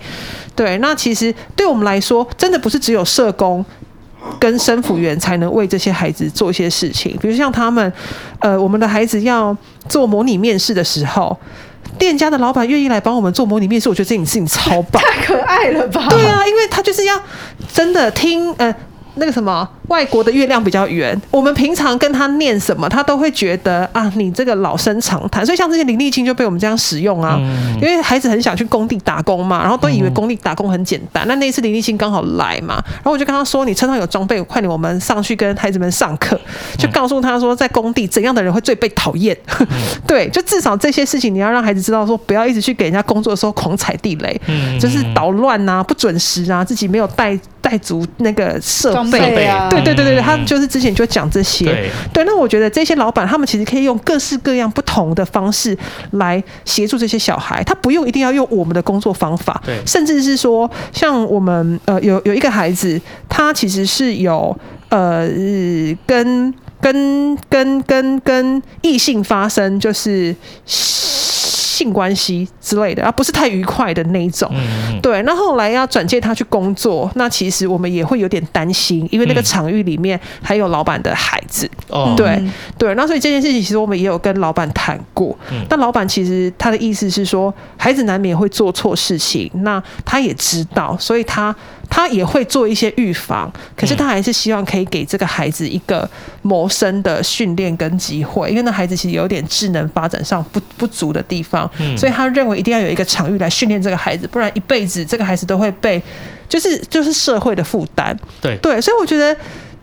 [SPEAKER 4] 對，那其實對我們來說，真的不是只有社工跟生輔員才能為這些孩子做一些事情。比如像他們，呃，我們的孩子要做模擬面試的時候，店家的老板願意來幫我們做模擬面試，我覺得這件事情超棒，太可
[SPEAKER 1] 愛了吧？對啊，因
[SPEAKER 4] 為他就是要真的聽，呃。那個什麼，外國的月亮比較圓。我們平常跟他念什麼，他都會覺得啊，你這個老生常談。所以像這些林立青就被我們這樣使用啊，嗯、因為孩子很想去工地打工嘛，然後都以為工地打工很簡單。那、嗯、那一次林立青剛好來嘛，然後我就跟他說：“你車上有裝備，快點我們上去跟孩子們上課。”就告訴他說，在工地怎樣的人會最被討厭？ <laughs> 對，就至少這些事情你要讓孩子知道，說不要一直去給人家工作的時候狂踩地雷，嗯、就是搗亂啊，不準時啊，自己沒有帶。帶足那個設備、設備啊。對對對對，他就是之前就講這些，嗯、對，那我覺得這些老闆他們其實可以用各式各樣不同的方式來協助這些小孩，他不用一定要用我們的工作方法，對，甚至是說像我們呃有有一個孩子，他其實是有呃跟跟跟跟跟異性發生，就是。性關係之類的啊，不是太愉快的那一種，嗯嗯嗯對。那後來要轉介他去工作，那其實我們也會有點擔心，因為那個場域裡面還有老闆的孩子。嗯、對對。那所以這件事情其實我們也有跟老闆談過。但、嗯、那老闆其實他的意思是說，孩子難免會做錯事情，那他也知道，所以他。他也會做一些預防，可是他還是希望可以給這個孩子一個謀生的訓練跟機會，因為那孩子其實有點智能發展上不不足的地方，所以他認為一定要有一個場域來訓練這個孩子，不然一輩子這個孩子都會被，就是就是社會的負擔。對對，所以我覺得。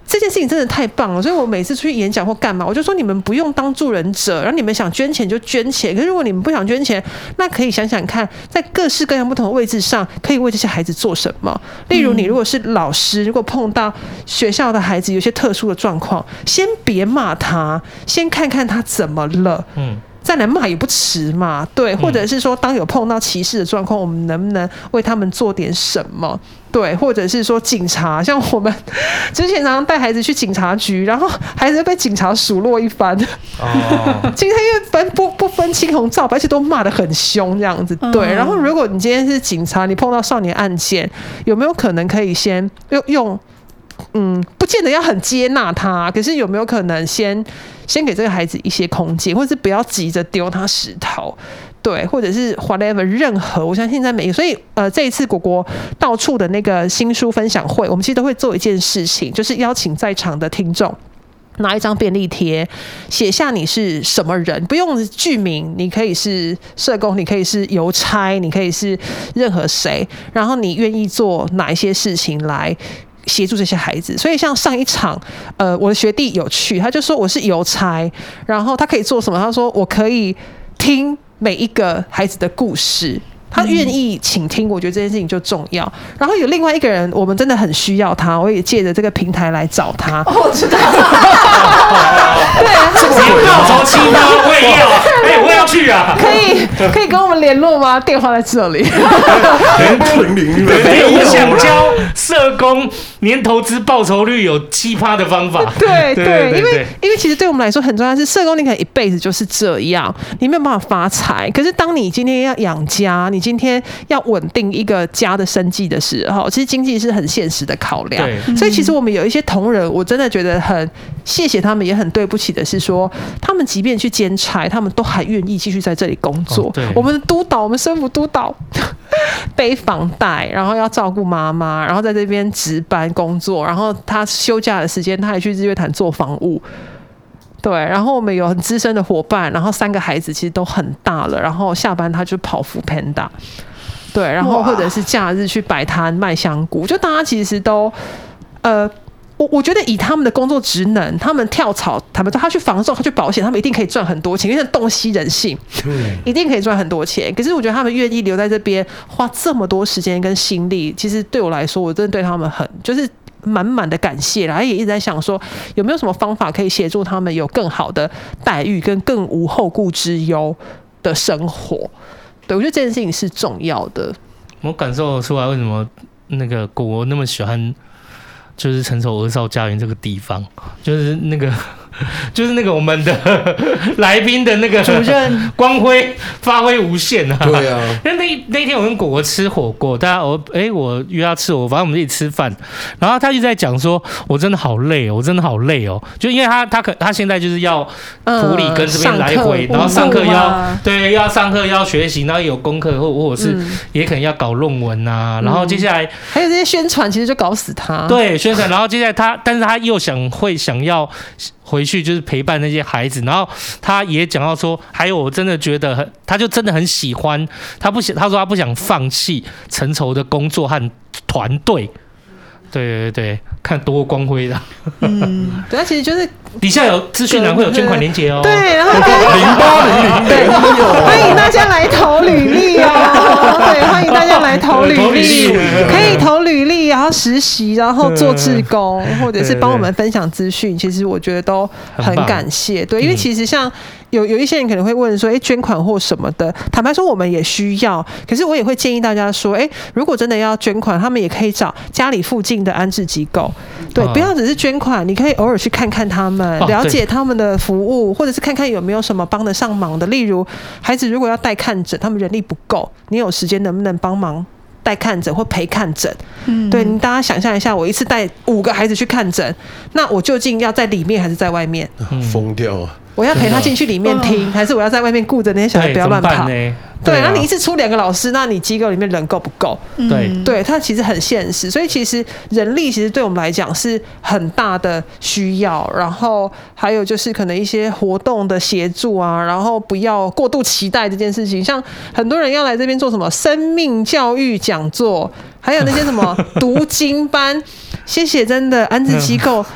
[SPEAKER 4] 這件事情真的太棒了，所以我每次出去演講或幹嘛，我就說你們，不用當助人者，然後你們想捐錢就捐錢，可是如果你們不想捐錢，那可以想想看，在各式各樣不同的位置上，可以為這些孩子做什麼。例如，你如果是老師，嗯。如果碰到學校的孩子有些特殊的狀況，先別罵他，先看看他怎麼了。嗯。再來罵也不遲嘛，對，或者是說，當有碰到歧視的狀況，我們能不能為他們做點什麼？對，或者是說，警察像我們之前常常帶孩子去警察局，然後孩子被警察數落一番，警察、哦、因為分不不分青紅皂白，而且都罵得很凶這樣子，對。然後，如果你今天是警察，你碰到少年案件，有沒有可能可以先用用？嗯，不見得要很接納他，可是有沒有可能先？先給這個孩子一些空間，或者是不要急着丟他石頭，對，或者是 whatever 任何。我相信在每一個，所以呃，這一次國國到處的那個新書分享會，我們其實都會做一件事情，就是邀請在場的聽眾拿一張便利貼，寫下你是什麼人，不用具名，你可以是社工，你可以是郵差，你可以是任何誰，然後你願意做哪一些事情來。協助這些孩子，所以像上一場，呃，我的學弟有去，他就說，我是郵差，然後他可以做什麼？他說我可以聽每一個孩子的故事。他願意傾聽，嗯、我覺得這件事情就重要。然後有另外一個人，我們真的很需要他，我也借着這個平台來找他。
[SPEAKER 1] 哦、我
[SPEAKER 3] 知道了， <laughs> <laughs> 對，報酬七趴我也要，哎、欸，我要去啊！可以，
[SPEAKER 4] 可以跟我們聯絡嗎？ <laughs> 電話在這裡。
[SPEAKER 3] 連報名，連想教社工年投資報酬率有七趴的方法。 <laughs> 對，對，對，對對，因
[SPEAKER 4] 為因為其實對我們來說很重要是，是社工，你可能一輩子就是這樣，你沒有辦法發財。可是當你今天要養家，今天要穩定一個家的生計的時候，其實經濟是很現實的考量。對所以其實我們有一些同仁，我真的覺得很謝謝他們，也很對不起的是說，他們即便去兼差，他們都還願意繼續在這裡工作。哦、對，我們督導，我們生輔督導背房貸，然後要照顧媽媽，然後在這邊值班工作，然後他休假的時間，他也去日月潭做房務。對，然後我們有很資深的夥伴，然後三個孩子其實都很大了，然後下班他就跑 foodpanda，對，然後或者是假日去擺攤賣香菇，哇就大家其實都，呃，我我覺得以他們的工作職能，他們跳槽，他們說，他去房仲，他去保險，他們一定可以賺很多錢，因為洞悉人性，嗯、一定可以賺很多錢。可是我覺得他們願意留在這邊，花這麼多時間跟心力，其實對我來說，我真的對他們很，就是。滿滿的感謝，然後也一直在想說有沒有什麼方法可以協助他們有更好的待遇跟更無後顧之憂的生活。對，我覺得這件事情是重要的。
[SPEAKER 3] 我感受出來為什麼那個國國那麼喜歡就是陳綢兒少家園這個地方，就是那個。就是那個我們的來賓的那個主任，光輝發揮無限啊！對啊，因為那一那一天我跟國國吃火鍋，大家我哎、欸，我約他吃火，我反正我們自己吃飯，然後他就在講說，我真的好累哦，我真的好累哦，就因為他他可他現在就是要處理跟這邊來回，嗯、然後上課要、嗯、對要上課要學習，然後有功課或或者是也可能要搞論文啊，嗯、然後接下來
[SPEAKER 4] 還有這些宣傳，其實就搞死他。對，
[SPEAKER 3] 宣傳，然後接下來他，但是他又想會想要回去。去就是陪伴那些孩子，然後他也講到說，還有我真的覺得很，他就真的很喜歡，他不想，他說他不想放棄陳綢的工作和團隊，對對對，看多光輝的，嗯，對啊，而且就是。底下有資訊欄會有捐款連結哦。對，然後零八零
[SPEAKER 4] 零， <laughs> <laughs> 對，歡迎大家來投履歷哦。對，歡迎大家來投履歷，可以投履歷，然後實習，然後做志工，對對對，或者是幫我們分享資訊。其實我覺得都很感謝。棒對，因為其實像有有一些人可能會問說，哎、欸，捐款或什麼的，坦白說我們也需要，可是我也會建議大家說，哎、欸，如果真的要捐款，他們也可以找家裡附近的安置機構。對，啊、不要只是捐款，你可以偶爾去看看他們。了解他們的服務，或者是看看有沒有什麼幫得上忙的。例如，孩子如果要帶看診，他們人力不夠，你有時間能不能幫忙帶看診或陪看診？嗯，對你，大家想象一下，我一次帶五個孩子去看診，那我究竟要在裡面還是在外面？
[SPEAKER 2] 瘋掉啊！我要陪他進去裡面聽，
[SPEAKER 4] 嗯啊、還是我要在外面顧着那些小孩不要亂跑。
[SPEAKER 2] 對，那、啊啊、你一次出
[SPEAKER 4] 兩個老師，那你機構裡面人夠不夠？對，對他其實很現實，所以其實人力其實對我們來講是很大的需要。然後還有就是可能一些活動的協助啊，然後不要過度期待這件事情。像很多人要來這邊做什麼生命教育講座，還有那些什麼 <laughs> 讀經班，謝謝真的安置機構。 <laughs>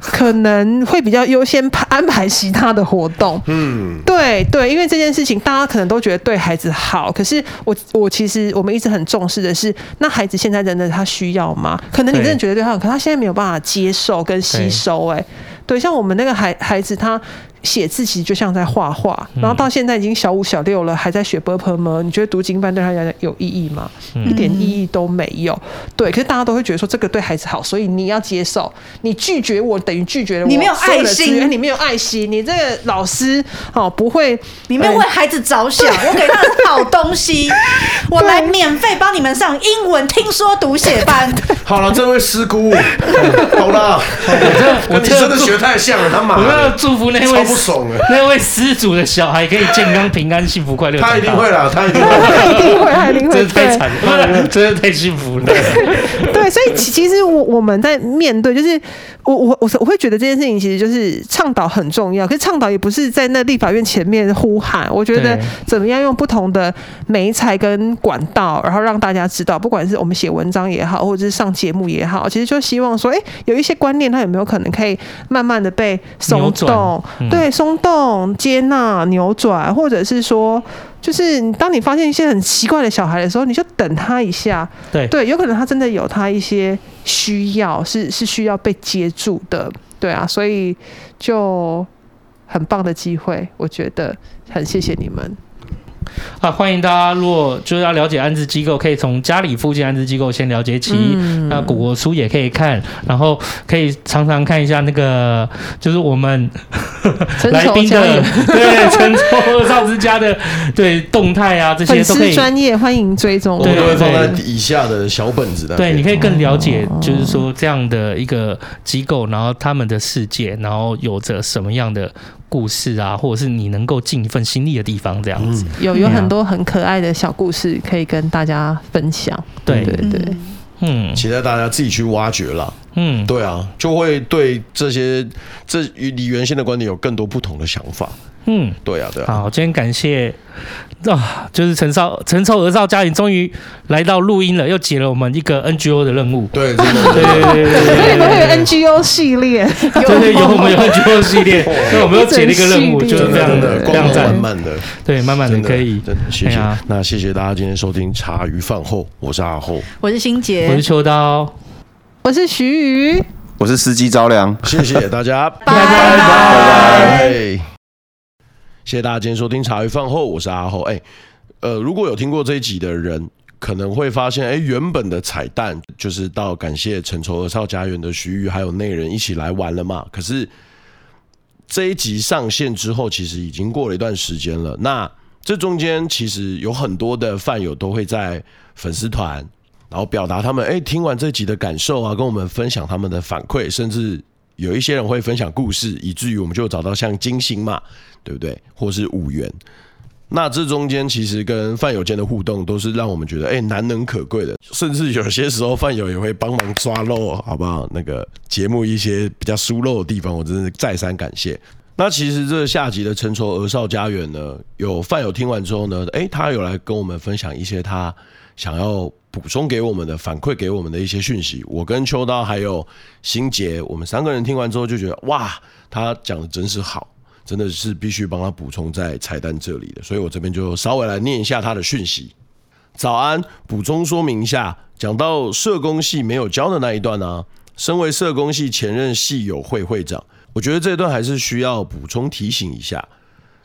[SPEAKER 4] 可能會比較優先安排其他的活動，
[SPEAKER 1] 嗯，
[SPEAKER 4] 對對，因為這件事情大家可能都覺得對孩子好，可是我我其實我們一直很重視的是，那孩子現在真的他需要嗎？可能你真的覺得對他好，對可他現在沒有辦法接受跟吸收，哎對，對，像我們那個孩孩子他。寫字其實就像在畫畫，然後到現在已經小五小六了，還在學波潑嗎？你覺得讀經班對他有有意義嗎？嗯、一點意義都沒有。對，可是大家都會覺得說這個對孩子好，所以你要接受。你拒絕我等於拒絕了我。你沒有愛心，
[SPEAKER 1] 你沒有愛心，你這個老師哦不會，你沒有為孩子着想。對 我給他好東西， <laughs> 我來免費幫你們上英文聽說讀寫
[SPEAKER 2] 班。 <laughs> 好了，這位師姑，好了，好啦好啦 <laughs> 我你真的學太像了。他媽我要祝福那位。不爽
[SPEAKER 3] 了。那位失主的小孩可以健康、平安、幸福快的、快樂。 <laughs> 他一定會啦，他一定會，一定會，一定會。真的太慘了，對 <laughs> 啊、真的太幸福了
[SPEAKER 4] 對白。對，所以其其實我我們在面對，就是我我我我會覺得這件事情，其實就是倡導很重要，可是倡導也不是在那立法院前面呼喊。我覺得怎麼樣用不同的媒材跟管道，然後讓大家知道，不管是我們寫文章也好，或者是上節目也好，其實就希望說，哎，有一些觀念，它有沒有可能可以慢慢的被鬆動？對，鬆動、接納、扭轉，或者是說，就是當你發現一些很奇怪的小孩的時候，你就等他一下。對。對，有可能他真的有他一些需要，是是需要被接住的。對啊，所以就很棒的機會，我覺得很謝謝你們。
[SPEAKER 3] 啊，歡迎大家！如果就是要了解安置機構，可以從家裡附近安置機構先了解起。嗯、那國書也可以看，然後可以常常看一下那個，就是我們
[SPEAKER 4] <laughs> 來賓的
[SPEAKER 3] 對陳綢兒少之家的 <laughs> 對動態啊，這
[SPEAKER 4] 些都可以。專業歡迎追蹤。我對對,對
[SPEAKER 2] 對，放在對對以下的小本子的。對，你
[SPEAKER 3] 可以更了解，就是說這樣的一個機構，然後他們的世界，然後有着什麼樣的。故事啊，或者是你能夠盡一份心力的地方，這樣子、嗯、有
[SPEAKER 4] 有很多很可愛的小故事可以跟大家分享。對，對對對，
[SPEAKER 2] 嗯，期待大家自己去挖掘啦。嗯，對啊，就會對這些這與你原先的觀點有更多不同的想法。嗯，對呀，對呀。好，
[SPEAKER 3] 今天感謝啊，就是陳綢、陳綢兒少家園終於來到錄音了，又接了我們一個 NGO 的任務。對，對，對，那你們
[SPEAKER 4] 會有 NGO 系列，有有有 NGO 系列，所
[SPEAKER 3] 以我們接了一個任務，就是這樣的，在慢慢的，對，慢慢的可
[SPEAKER 2] 以。謝謝。那謝謝大家今天收聽茶魚飯後，我是阿厚，
[SPEAKER 1] 我是心潔，我是秋
[SPEAKER 2] 刀，
[SPEAKER 3] 我是徐瑜，
[SPEAKER 2] 我是司機招涼。謝謝大家，拜拜拜拜。謝謝大家今天收聽茶餘飯後，我是阿厚。哎，呃，如果有聽過這一集的人，可能會發現，誒原本的彩蛋就是到感謝陳綢兒少家園的徐瑜還有內人一起來玩了嘛。可是這一集上線之後，其實已經過了一段時間了。那這中間其實有很多的飯友都會在粉絲團，然後表達他們哎聽完這一集的感受啊，跟我們分享他們的反饋，甚至。有一些人會分享故事，以至於我們就找到像金星嘛，對不對？或是五元。那這中間其實跟飯友間的互動都是讓我們覺得哎，難能可貴的。甚至有些時候飯友也會幫忙抓漏，好不好？那個節目一些比較疏漏的地方，我真的再三感謝。那其實這個下集的《陳綢兒少家園》呢，有飯友聽完之後呢，哎，他有來跟我們分享一些他。想要補充給我們的反饋，給我們的一些訊息。我跟秋刀還有心潔，我們三個人聽完之後就覺得，哇，他講的真是好，真的是必須幫他補充在彩蛋這裡的。所以我這邊就稍微來念一下他的訊息。早安，補充說明一下，講到社工系沒有教的那一段呢、啊，身為社工系前任系友會會長，我覺得這段還是需要補充提醒一下。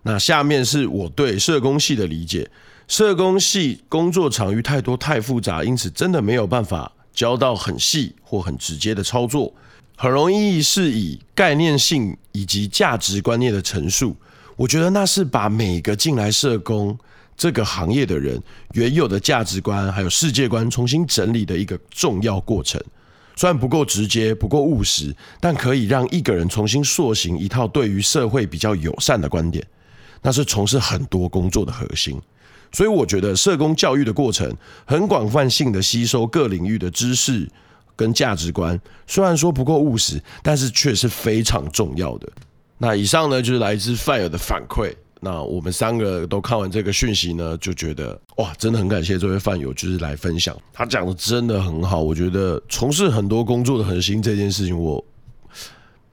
[SPEAKER 2] 那下面是我對社工系的理解。社工系工作場域太多太複雜，因此真的沒有辦法教到很細或很直接的操作，很容易是以概念性以及價值觀念的陳述。我覺得那是把每個進來社工這個行業的人原有的價值觀還有世界觀重新整理的一個重要過程。雖然不夠直接、不夠務實，但可以讓一個人重新塑形一套對於社會比較友善的觀點。那是從事很多工作的核心。所以我覺得社工教育的過程很廣泛性地吸收各領域的知識跟價值觀，雖然說不夠務實，但是卻是非常重要的。那以上呢就是來自飯友的反饋。那我們三個都看完這個訊息呢，就覺得哇，真的很感謝這位飯友，就是來分享，他講的真的很好。我覺得從事很多工作的核心這件事情，我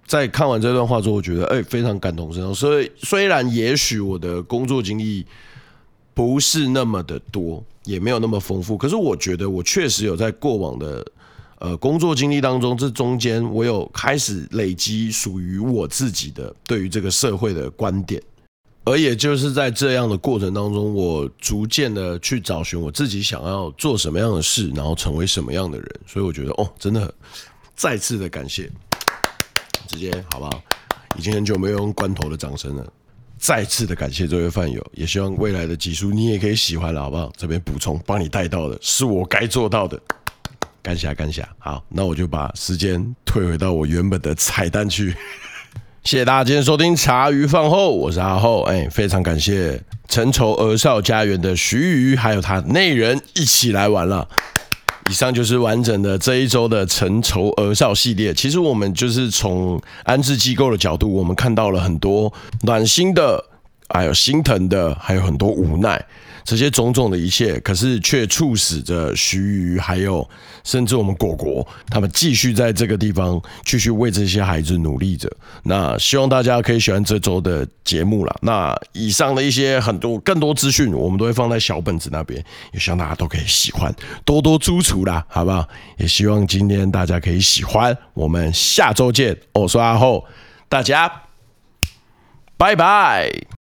[SPEAKER 2] 在看完這段話之後，我覺得哎、欸，非常感同身受。所以雖然也許我的工作經歷，不是那麼的多，也沒有那麼豐富。可是我覺得，我確實有在過往的呃工作經歷當中，這中間我有開始累積屬於我自己的對於這個社會的觀點。而也就是在這樣的過程當中，我逐漸的去找尋我自己想要做什麼樣的事，然後成為什麼樣的人。所以我覺得，哦，真的，再次的感謝，直接好不好？已經很久沒有用罐頭的掌聲了。再次的感謝這位飯友，也希望未來的集數你也可以喜歡了，好不好？這邊補充，幫你帶到的是我該做到的，感謝感謝。好，那我就把時間退回到我原本的彩蛋去。 <laughs> 謝謝大家今天收聽茶魚飯後，我是阿厚，哎、欸，非常感謝陳綢兒少家園的徐瑜還有他內人一起來玩了。以上就是完整的這一周的“陳綢兒少”系列。其實我們就是從安置機構的角度，我們看到了很多暖心的，還有心疼的，還有很多無奈。這些種種的一切，可是卻促使着徐瑜還有甚至我們國國他們繼續在這個地方繼續為這些孩子努力着。那希望大家可以喜歡這周的節目啦，那以上的一些很多更多資訊，我們都會放在小本子那邊，也希望大家都可以喜歡，多多督促啦，好不好？也希望今天大家可以喜歡，我們下周見哦！我是阿厚，大家拜拜。